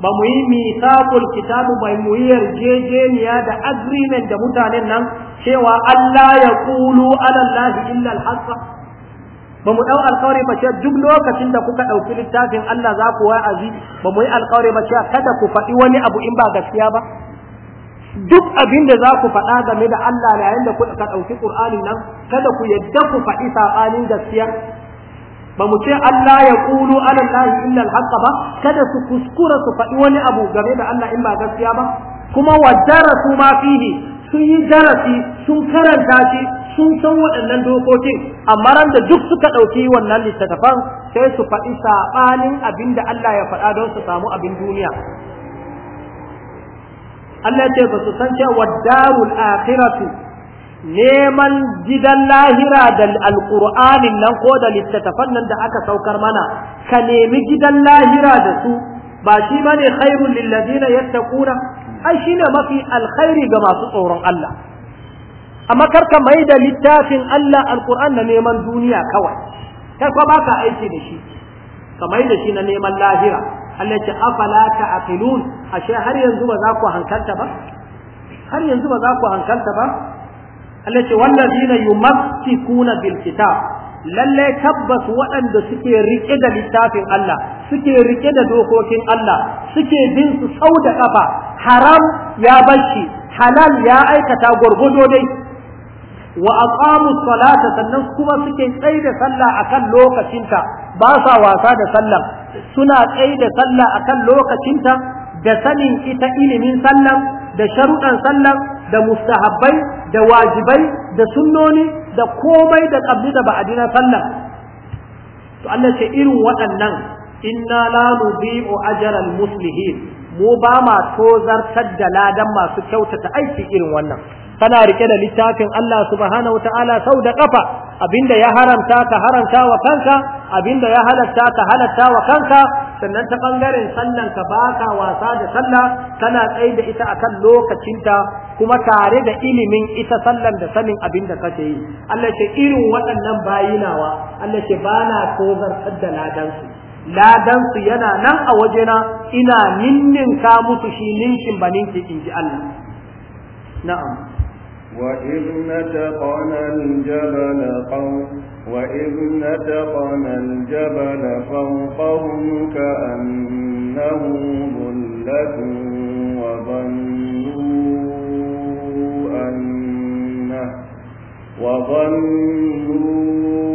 ba mu yi misaqul kitabu ba mu yi yarjejeniya da agreement da mutanen nan cewa Allah ya kulu alallahi illal illa ba mu ɗau alkawari ba cewa duk lokacin da kuka ɗauki littafin Allah za ku wa'azi ba mu yi alkawari ba cewa kada ku faɗi wani abu in ba gaskiya ba duk abin da za ku faɗa game da Allah na yayin da kuka ɗauki ƙur'ani nan kada ku yadda ku faɗi saɓanin gaskiya ba mu ce Allah ya ƙulu ala lahi illa alhaqa ba kada su kuskura su faɗi wani abu game da Allah in ba gaskiya ba kuma wa darasu ma fihi sun yi darasi sun karanta shi sun san waɗannan dokokin amma ran da duk suka ɗauki wannan littattafan sai su faɗi saɓanin abin da Allah ya faɗa don su samu abin duniya Allah ce ba su san cewa darul akhiratu neman gidan lahira da alƙur'anin nan ko da littattafan nan da aka saukar mana ka nemi gidan lahira da su ba shi bane khairul lil ladina yattaquna ai shine mafi alkhairi ga masu tsoron Allah amma kar ka mai da littafin Allah alquran na neman duniya kawai kai kuma ba ka aiki da shi ka mai da shi na neman lahira Allah ya ce afala ta'qilun ashe har yanzu ba za ku hankalta ba har yanzu ba za ku hankalta ba Allah ya ce wallazina yumassikuna bil kitab lallai tabbas waɗanda suke rike da littafin Allah suke rike da dokokin Allah suke bin su sau da kafa haram ya bashi halal ya aikata gwargwado dai wa aqamu salata sannan kuma suke tsaye da sallah akan lokacinta ba sa wasa da sallah suna tsaye da sallah akan lokacinta da sanin ita ilimin sallah da sharuɗan sallah da mustahabbai da wajibai da sunnoni da komai da kabli da ba'adina sallah to Allah ce irin waɗannan inna la nudhi'u ajral muslimin mu ba ma tozartar da ladan masu kyautata aiki irin wannan kana rike da littafin Allah subhanahu wataala sau da kafa abinda ya haramta ka haramta wa kanka abinda ya halatta ka halatta wa kanka sannan ta bangaren sallan ka baka wasa da sallah kana tsaye da ita akan lokacinta kuma tare da ilimin ita sallan da sanin abinda kake yi Allah ce irin waɗannan bayinawa Allah ce bana tozartar da ladansu ladansu yana nan a wajena ina ninninka musu shi ninkin ba ninkin in ji Allah na'am وإذ نتقنا الجبل فوق وإذ نتقنا الجبل فوقهم كأنه ظلة وظنوا أنه وظنوا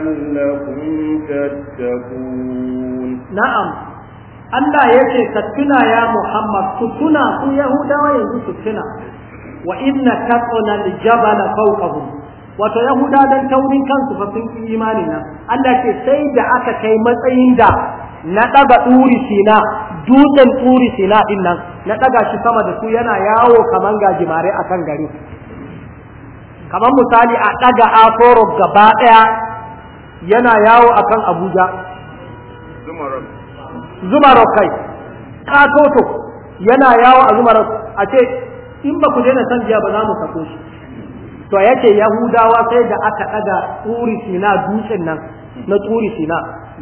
Na'am, Allah ya ce ka tuna ya Muhammad ku tuna ku Yahudawa yanzu su tuna wa inna taqna al-jabala fawqahum wato Yahuda dan taurin kansu fa sun yi imani na Allah ce sai da aka kai matsayin da na daga turi sina dutsen turi sina din nan na daga shi sama da su yana yawo kaman gajimare akan gari kamar misali a ɗaga aforo gaba ɗaya yana yawo a kan Abuja Zuma kai katoto yana yawo a Zuma a ce in ba ku daina san jiya ba za mu sako shi to yake Yahudawa sai da aka ɗaga turi sina dutsen nan na turi sina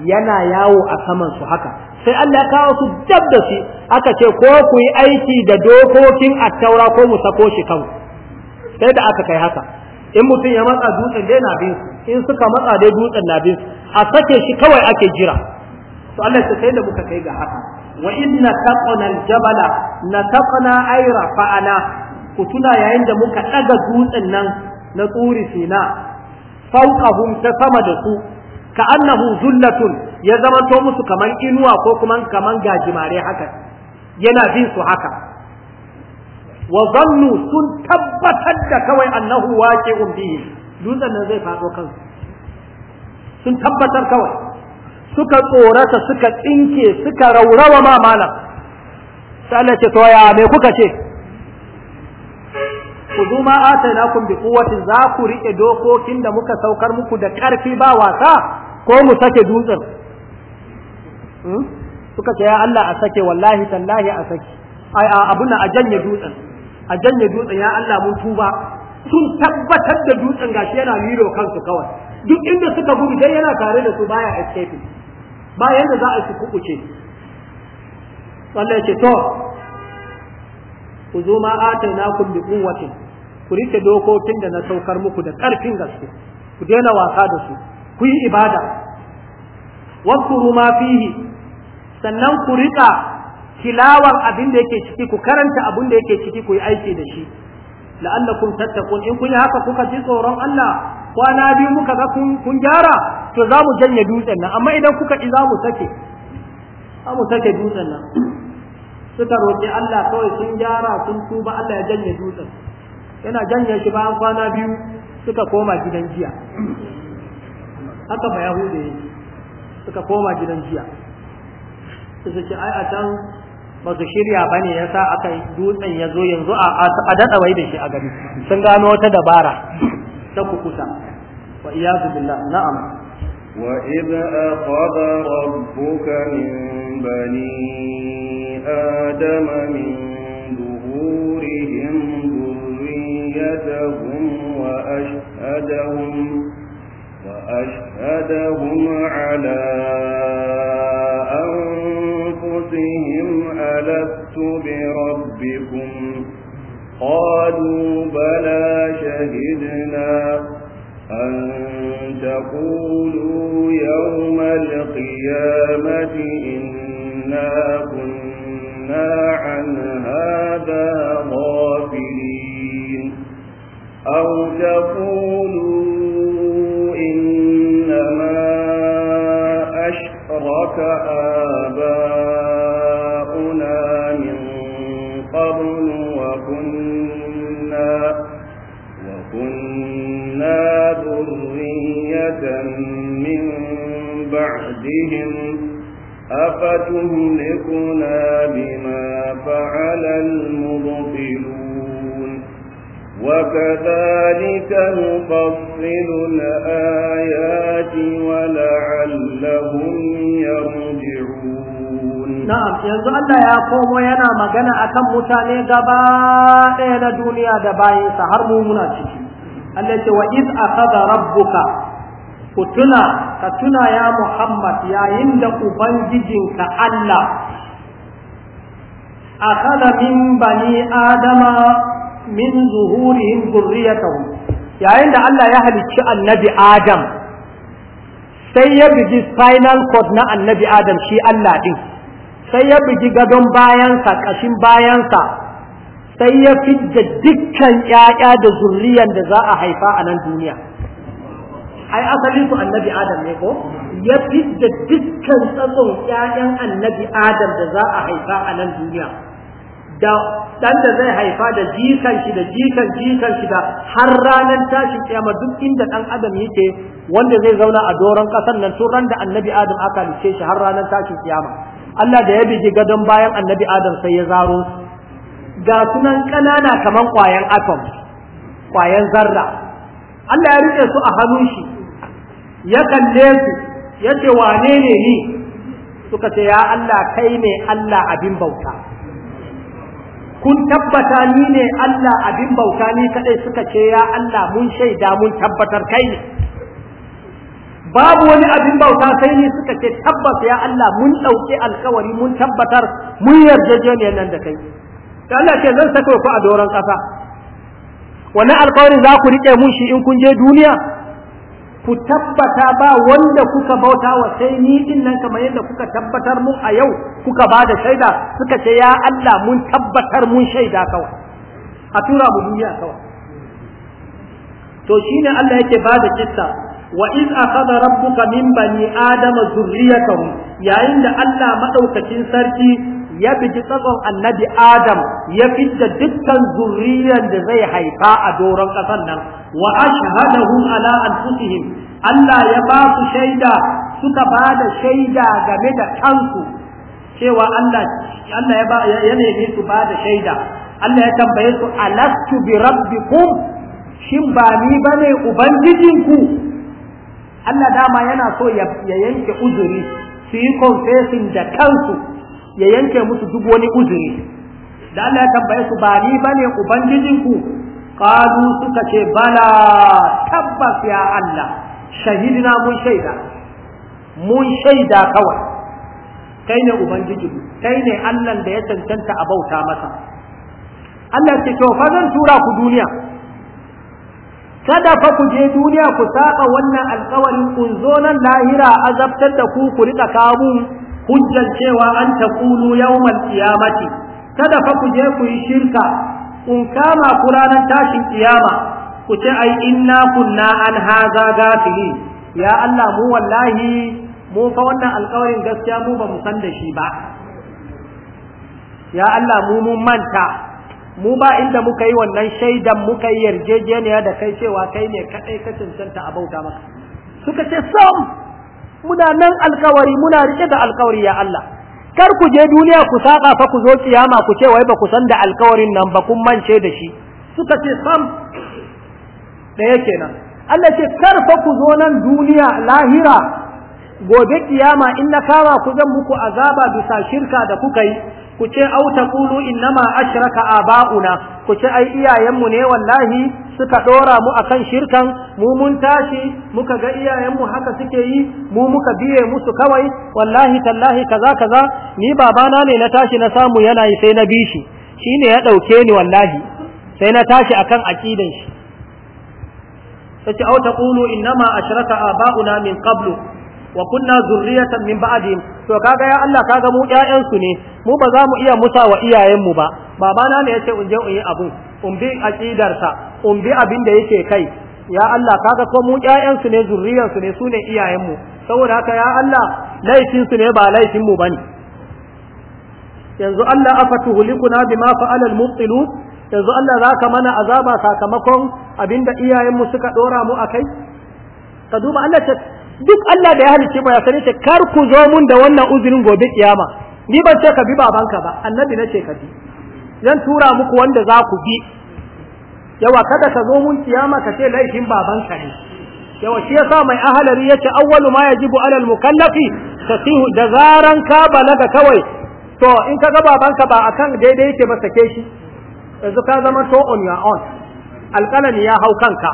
yana yawo a saman su haka sai Allah ya kawo su jab da shi aka ce ko ku yi aiki da dokokin attaura ko mu sako shi kan sai da aka kai haka in mutum ya matsa dutsen dai na bin su in suka matsa dai dutsen na bin su a sake shi kawai ake jira to Allah ya kai da muka kai ga haka wa inna taqana aljabala nataqana ay rafa'ana ku tuna yayin da muka daga dutsen nan na tsuri sina fawqahum ta sama da su ka annahu zullatun ya zama to musu kaman inuwa ko kuma kaman gajimare haka yana bin su haka wa zannu sun tabbatar da kawai annahu waqi'un bihi dutsen nan zai faɗo kan sun tabbatar kawai suka tsorata suka tsinke suka raurawa ma malam sai ce to ya me kuka ce ku zo ma kun bi quwwati za ku rike dokokin da muka saukar muku da karfi ba wasa ko mu sake dutsen hmm? suka ce ya Allah a sake wallahi tallahi a sake ai abuna a janye dutsen a janye dutsen ya Allah mun tuba sun tabbatar da dutsen gashi yana miro kansu kawai duk inda suka gudu dai yana tare da su baya escape ba yanda za a su kukuce wallahi ce to ku zo ma ku bi quwwatin ku rike dokokin da na saukar muku da karfin gaske ku daina wasa da su ku yi ibada wakuru ma fihi sannan ku rika tilawar abin da yake ciki ku karanta abin da yake ciki ku yi aiki da shi la'allakum tattaqun in kun yi haka kuka ji tsoron Allah kwana biyu muka ga kun kun gyara to za mu janye dutsen nan amma idan kuka ki za mu sake za mu sake dutsen nan suka roƙi Allah kawai sun gyara sun tuba Allah ya janye dutsen yana janye shi bayan kwana biyu suka koma gidan jiya haka ba yahude suka koma gidan jiya su ce ai a can ba su shirya ba ne yasa aka yi dutsen ya zo yanzu a adada wai da shi a gari sun gano wata dabara ta kukuta wa iyazu billah na'am wa idza aqada rabbuka min bani adama min duhurihim dhurriyatahum wa ashhadahum wa ashhadahum ala ربكم قالوا بلى شهدنا أن تقولوا يوم القيامة إن تهلكنا بما فعل المبطلون وكذلك نفصل الآيات ولعلهم يرجعون نعم يزال الله يا قوم ينا مغانا أكم متاني قبائل دنيا دبائي سهر مومنا التي وإذ أخذ ربك فتنا ka tuna ya Muhammad yayin da Ubangijinka Allah akhadha min bani adama min zuhurihim dhurriyyatahum yayin da Allah ya halicci annabi Adam sai ya bigi spinal cord na annabi Adam shi Allah din sai ya bigi gadon bayansa kashin bayansa sai ya fidda dukkan ƴaƴa da zurriyan da za a haifa a nan duniya ai asalin su annabi adam ne ko ya fidda dukkan tsatson ƴaƴan annabi adam da za a haifa a nan duniya da dan da zai haifa da jikan shi da jikan jikan shi da har ranar tashin kiyama duk inda dan adam yake wanda zai zauna a doron kasar nan tun ran da annabi adam aka lice shi har ranar tashin kiyama Allah da ya bigi gadon bayan annabi adam sai ya zaro ga sunan kanana kaman kwayan atom kwayan zarra Allah ya rike su a hannun shi ya kalle su ya ce wane ne ni suka ce ya Allah kai ne Allah abin bauta kun tabbata ni ne Allah abin bauta ni kadai suka ce ya Allah mun shaida mun tabbatar kai ne babu wani abin bauta sai ni suka ce tabbata ya Allah mun ɗauki alkawari mun tabbatar mun yarjejeniyar nan da kai da Allah ce zan saka ku a doron ƙasa wani alkawarin za ku riƙe mun shi in kun je duniya ku tabbata ba wanda kuka bauta wa sai ni din nan kamar yadda kuka tabbatar mun a yau kuka ba da shaida suka ce ya Allah mun tabbatar mun shaida kawai a tura mu duniya kawai to shine Allah yake ba da kissa wa iz akhadha rabbuka min bani adama zurriyatahum yayin da Allah madaukakin sarki ya biji tsakon annabi Adam ya fidda dukkan zurriyar da zai haifa a doron ƙasar nan wa ashhadahum ala anfusihim Allah ya ba su shaida suka ba da shaida game da kanku cewa Allah ya ba nemi su ba da shaida Allah ya tambaye su alastu bi rabbikum shin ba ni bane ubangijinku Allah dama yana so ya yanke uzuri su yi confessing da kansu ya yanke musu duk wani uzuri da Allah ya tambaye su ba ni bane ubangijinku qalu suka ce bala tabbas ya Allah shahidina mun shaida mun shaida kawai kai ne ubangiji kai ne Allah da ya cancanta a bauta masa Allah ce to fa zan tura ku duniya kada fa ku je duniya ku saba wannan alƙawarin kun zo nan lahira azabtar da ku ku rika kawo hujjar cewa an ta taqulu yawmal qiyamati kada fa ku je ku yi shirka kun kama ku ranar tashin kiyama ku ce ai inna kunna an haza gafili ya Allah mu wallahi mu fa wannan alƙawarin gaskiya mu ba mu san da shi ba ya Allah mu mun manta mu ba inda muka yi wannan shaidan muka yi yarjejeniya da kai cewa kai ne kadai ka cancanta a bauta maka suka ce sam muna nan alƙawari muna riƙe da alƙawari ya Allah kar ku je duniya ku saka fa ku zo kiyama ku ce wai ba ku san da alƙawarin nan ba kun mance da shi suka ce sam ɗaya kenan Allah ce kar ku zo nan duniya lahira gobe kiyama in na kama ku zan muku azaba bisa shirka da kuka yi ku ce au taqulu innama ashraka aba'una ku ce ai iyayenmu ne wallahi suka dora mu akan shirkan mu mun tashi muka ga iyayenmu haka suke yi mu muka biye musu kawai wallahi tallahi kaza kaza ni babana ne na tashi na samu yana yi sai na bi shi shine ya ɗauke ni wallahi sai na tashi akan aqidan shi tace aw taqulu innama ashraka aba'una min qablu wa kunna zurriyatan min ba'dihim to kaga ya Allah kaga mu ƴaƴan su ne mu ba za mu iya musa wa iyayen mu ba babana ne yace in je in yi abu in bi aqidarsa in bi abin da yake kai ya Allah kaga ko mu ƴaƴan su ne zurriyan su ne su ne iyayen mu saboda haka ya Allah laifin su ne ba laifin mu bane yanzu Allah afatuhulikuna bima fa'ala al-mubtilun yanzu Allah zaka mana azaba sakamakon abinda iyayenmu suka dora mu akai ka duba Allah ta duk Allah da ya halice mu ya sani ta kar ku zo mun da wannan uzurin gobe kiyama ni ban ce ka bi babanka ba annabi na ce ka bi zan tura muku wanda za ku bi yawa kada ka zo mun kiyama ka ce laifin babanka ne yawa shi yasa mai ahalari yace awwalu ma yajibu alal mukallafi tasihu da zaran ka balaga kawai to in ka ga babanka ba akan daidai yake ba sake shi yanzu ka zama to on your own alƙalami ya hau kanka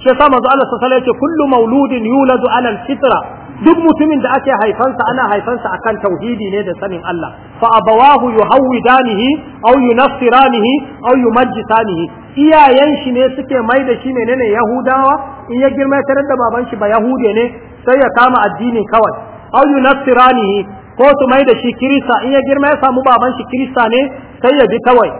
shi yasa manzo Allah sallallahu alaihi kullu mauludin yuladu ala alfitra duk mutumin da ake haifansa ana haifansa akan tauhidi ne da sanin Allah fa abawahu yuhawidanihi aw yunassiranihi aw yumajjisanihi iyayen shi ne suke mai da shi menene yahudawa in ya girma tare da baban shi ba yahude ne sai ya kama addinin kawai aw yunassiranihi ko su mai da shi kirista in ya girma ya samu baban shi kirista ne sai ya bi kawai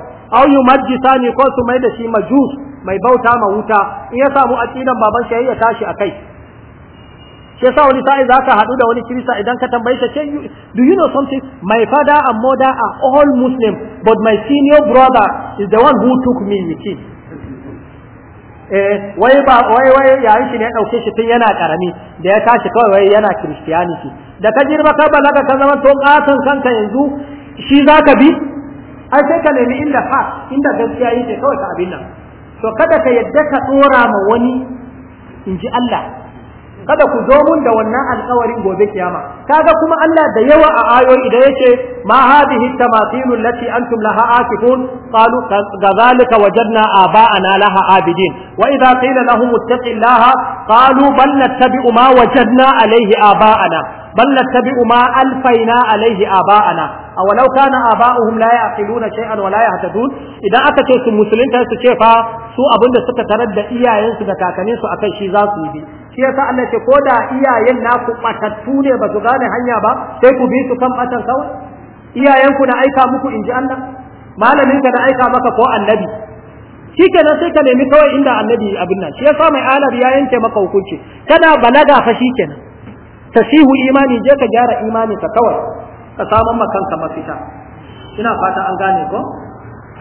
aw yumajjisani ko su mai da shi majus mai bauta ma wuta in ya samu aqidan baban shi ya tashi akai shi yasa wani sa'i zaka hadu da wani kirista idan ka tambaye shi can do you know something my father and mother are all muslim but my senior brother is the one who took me yake eh wai ba wai wai yayin shi ne dauke shi tun yana karami da ya tashi kawai wai yana shi da ka girma ka balaga ka zama to katon kanka yanzu shi zaka bi ai sai ka nemi inda fa inda gaskiya yake kawai ka abin nan to kada ka yadda ka tsora ma wani in ji Allah kada ku zo mun da wannan alƙawarin gobe kiyama kaga kuma Allah da yawa a ayoyi da yake ma hadhihi tamathil allati antum laha akifun qalu kadhalika wajadna aba'ana laha abidin wa idha qila lahum ittaqillaha qalu bal nattabi'u ma wajadna alayhi aba'ana bal nattabi'u ma alfaina alaihi aba'ana aw law kana aba'uhum la yaqiluna shay'an wa la yahtadun idan aka ce su musulunta su ce fa su abinda suka tarar da iyayensu da kakanninsu su shi za su yi shi Allah ce ko da iyayen naku batattu ne ba su gane hanya ba sai ku bi su kan batan iyayenku na aika na aika maka ko annabi shikenan sai ka nemi kawai inda annabi abin nan shi mai alar ya yanke maka hukunci kana balaga fa shikenan Tasihu imani je ka gyara imani ka kawai ka samun makanka mafita ina fata an gane ko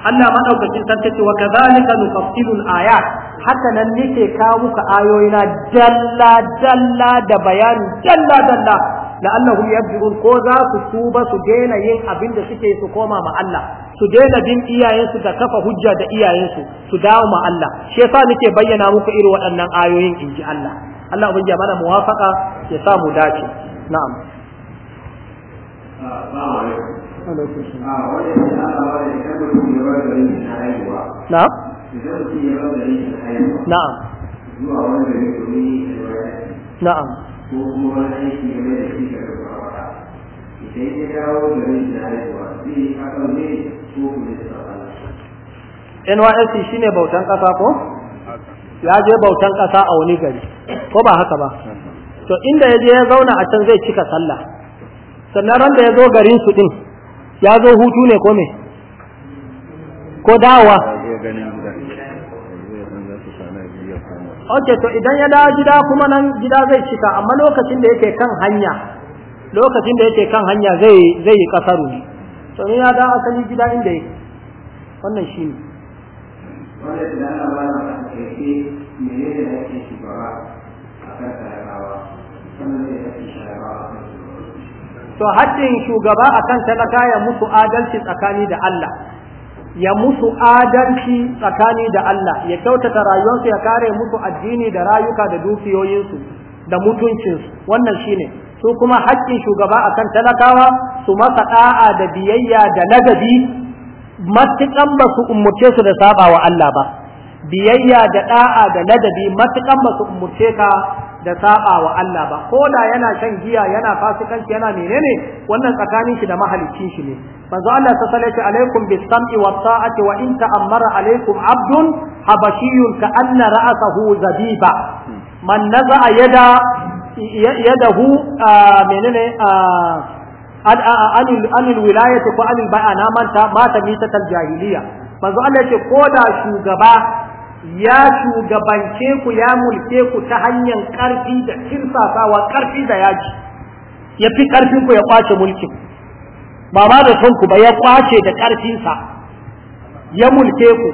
Allah madaukakin san tace wa kadhalika nufassilul ayat haka nan nake kawo muka ayoyina dalla dalla da bayani dalla dalla la'annahum yabdurun ko za su tuba su daina yin abin da suke su koma ma Allah su daina bin iyayensu da kafa hujja da iyayensu su dawo ma Allah shi yasa nake bayyana muku irin waɗannan ayoyin inji Allah Allah ubangi ya mana muwafaka ya sa mu dace na'am ah, na'am na'am na'am NYSC shine bautan ƙasa ko? ya je bautan ƙasa a wani gari ko ba haka ba to inda ya je ya zauna a can zai cika sallah sannan ran da ya zo garin su din ya zo hutu ne ko me ko dawa ok to idan ya dawo gida kuma nan gida zai cika amma lokacin da yake kan hanya lokacin da yake kan hanya zai zai yi kasaru to ne ya dawo asali gida inda yake wannan shine to haƙƙin shugaba akan talaka ya musu adalci tsakani da Allah ya musu adalci tsakani da Allah ya kyautata rayuwarsu ya kare musu addini da rayuka da dukiyoyinsu da mutuncinsu wannan shi ne, su kuma haƙƙin shugaba akan talakawa su masa ɗa'a da biyayya da ladabi matuƙan ba su umurce su da saba wa Allah ba biyayya da da'a da ladabi matukan ba su umurce ka da saba wa Allah ba ko da yana shan giya yana fasikanci yana menene wannan tsakanin shi da mahalicin shi ne manzo Allah ta sallace alaikum bis sam'i was sa'ati wa in ta'ammara alaikum abdun habashiyun ka anna ra'sahu zabiba man naza'a yada yadahu menene anil wilayati ko anil bai'a na manta mata mitatal jahiliya manzo Allah ce ko da shugaba ya shugabance ku ya mulke ku ta hanyar ƙarfi da kirsasawa ƙarfi da yaji ya fi ƙarfinku ya kwace mulkin ba ma da son ku ba ya kwace da ƙarfinsa ya mulke ku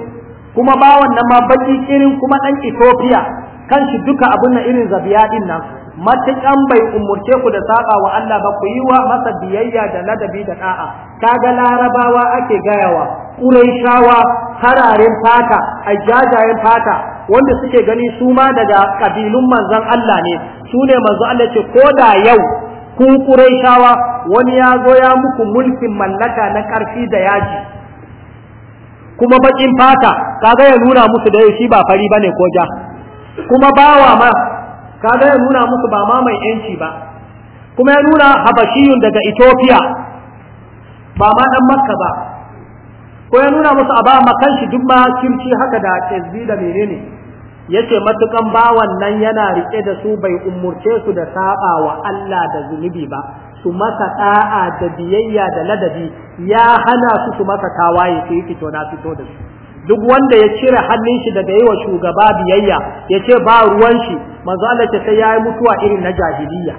kuma ba wannan ma baki irin kuma ɗan Ethiopia kan shi duka abun na irin zabiya ɗin nan matukan bai umurce ku da saƙa wa Allah ba ku yi wa masa biyayya da ladabi da ɗa'a kaga larabawa ake gayawa ƙuraishawa fararen fata a jajayen fata wanda suke gani su ma daga kabilun manzon Allah ne su ne manzon Allah ce ko da yau ku ƙuraishawa wani ya zo ya muku mulkin mallaka na ƙarfi da yaji kuma baƙin fata kaga ya nuna musu da shi ba fari bane ko ja kuma bawa ma kaga ya nuna musu ba ma mai yanci ba kuma ya nuna habashiyun daga Ethiopia ba ma dan Makka ba ko ya nuna musu a ba makan shi duk ma kirki haka da tasbi da menene yace matukan bawan nan yana rike da su bai umurce su da saba wa Allah da zunubi ba su masa da'a da biyayya da ladabi ya hana su su masa tawaye su yi fito na fito da su duk wanda ya cire hannun shi daga yi shugaba biyayya ya ce ba ruwan shi manzo Allah ce sai yayi mutuwa irin na jahiliya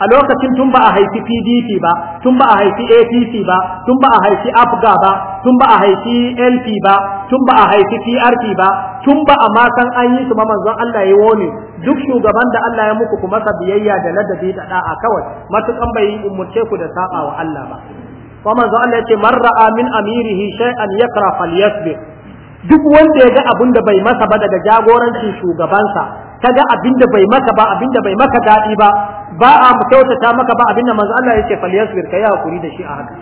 a lokacin tun ba a haifi PDP ba tun ba a haifi APC ba tun ba a haifi AFGA ba tun ba a haifi LP ba tun ba a haifi PRP ba tun ba a ma san an yi su ma manzon Allah ya wone duk shugaban da Allah ya muku kuma masa biyayya da ladabi da da'a kawai matukan bai umurce ku da saba wa Allah ba wa manzon Allah ya ce man ra'a min amirihi shay'an yakra falyasbir duk wanda ya ga abin da bai masa ba daga jagorancin shugabansa ka ga abin da bai maka ba abin da bai maka daɗi ba ba a kyautata maka ba abin da manzo Allah ya ce falyasbir ka yi hakuri da shi a haka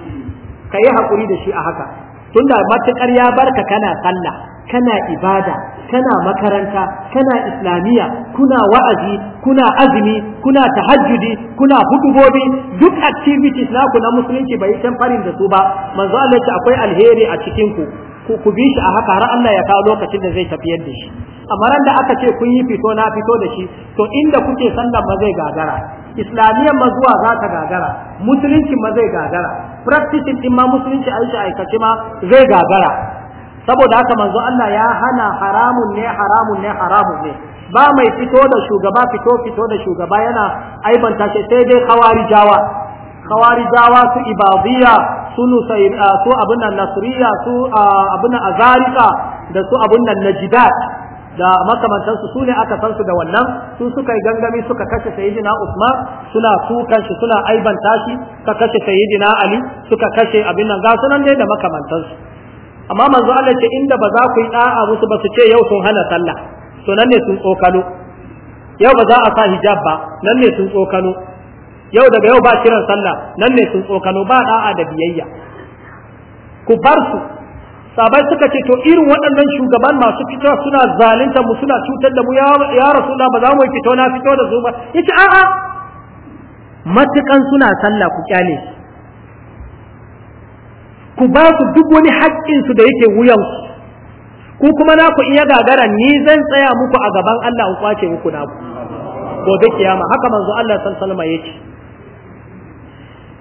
ka yi hakuri da shi a haka tunda matukar ya barka kana sallah kana ibada kana makaranta kana islamiyya kuna wa'azi kuna azumi kuna tahajjudi kuna hudubobi duk activities naku na musulunci bai san farin da su ba manzo Allah ya akwai alheri a cikin ku ku bi shi a haka har Allah ya kawo lokacin da zai tafiyar da shi amma ran da aka ce kun yi fito na fito da shi to inda kuke sallan ma zai gagara islamiyyar ma zuwa za ta gagara musulunci ma zai gagara practice din ma musulunci a aikace ma zai gagara saboda haka manzo Allah ya hana haramun ne haramun ne haramun ne ba mai fito da shugaba fito fito da shugaba yana aibanta shi sai dai khawarijawa khawarijawa su ibadiyya su ah, su abin nan nasriya su ah, abin nan azarika da su abin nan da makamantansu su ne aka san su da wannan su suka yi gangami suka kashe sayyidina Usman suna kukan shi suna aibanta shi kashe sayyidina Ali suka kashe abin nan ga sunan dai da makamantansu amma manzo Allah ce inda ba za ku yi da'a musu ba su ce yau sun hana sallah to nan ne sun tsokano yau ba za a sa hijab ba nan ne sun tsokano yau daga yau ba kiran sallah nan ne sun tsokano ba da'a da biyayya ku bar su sabai suka ce to irin waɗannan shugaban masu fito suna zalunta mu suna cutar da mu ya da ba za mu fito na fito da su ba yace a'a matukan suna sallah ku kyale ku ba su duk wani haƙƙin da yake wuyan ku kuma na ku iya gagara ni zan tsaya muku a gaban Allah in kwace muku na ku gobe kiyama haka manzo Allah sallallahu alaihi wasallam yake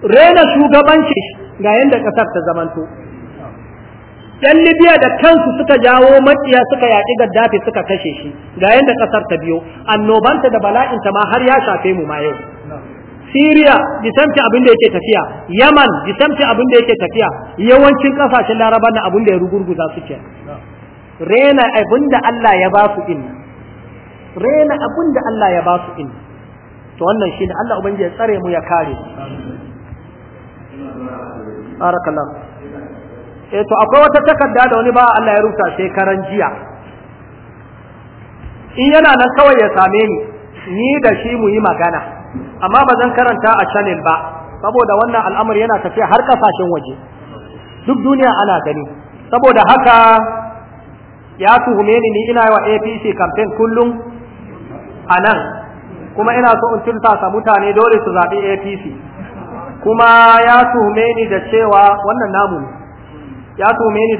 rena shugabanci ga yadda ƙasar ta zamanto yan libya da kansu suka jawo matiya suka yaƙi gaddafi suka kashe shi ga yadda ƙasar ta biyo annobanta da bala'inta ma har ya shafe mu ma yau Siriya disamci abin da yake tafiya, Yaman disamci abin da yake tafiya, yawancin kasashen Laraba na abin da ya rugurguza suke. Rena abin da Allah ya ba su in. Rena abin da Allah ya ba su in. To wannan shi ne Allah Ubangiji ya tsare mu ya kare. barakallahu eh to akwai wata takarda da wani ba Allah ya rubuta shekaran jiya in yana nan kawai ya same ni ni da shi mu yi magana amma ba zan karanta a channel ba saboda wannan al'amari yana tafiya har kasashen waje duk duniya ana gani saboda haka ya tuhume ni ni ina wa APC campaign kullum a nan kuma ina so in tilta mutane dole su zaɓi APC kuma ya tuhume ni da cewa wannan namu ya tume ni da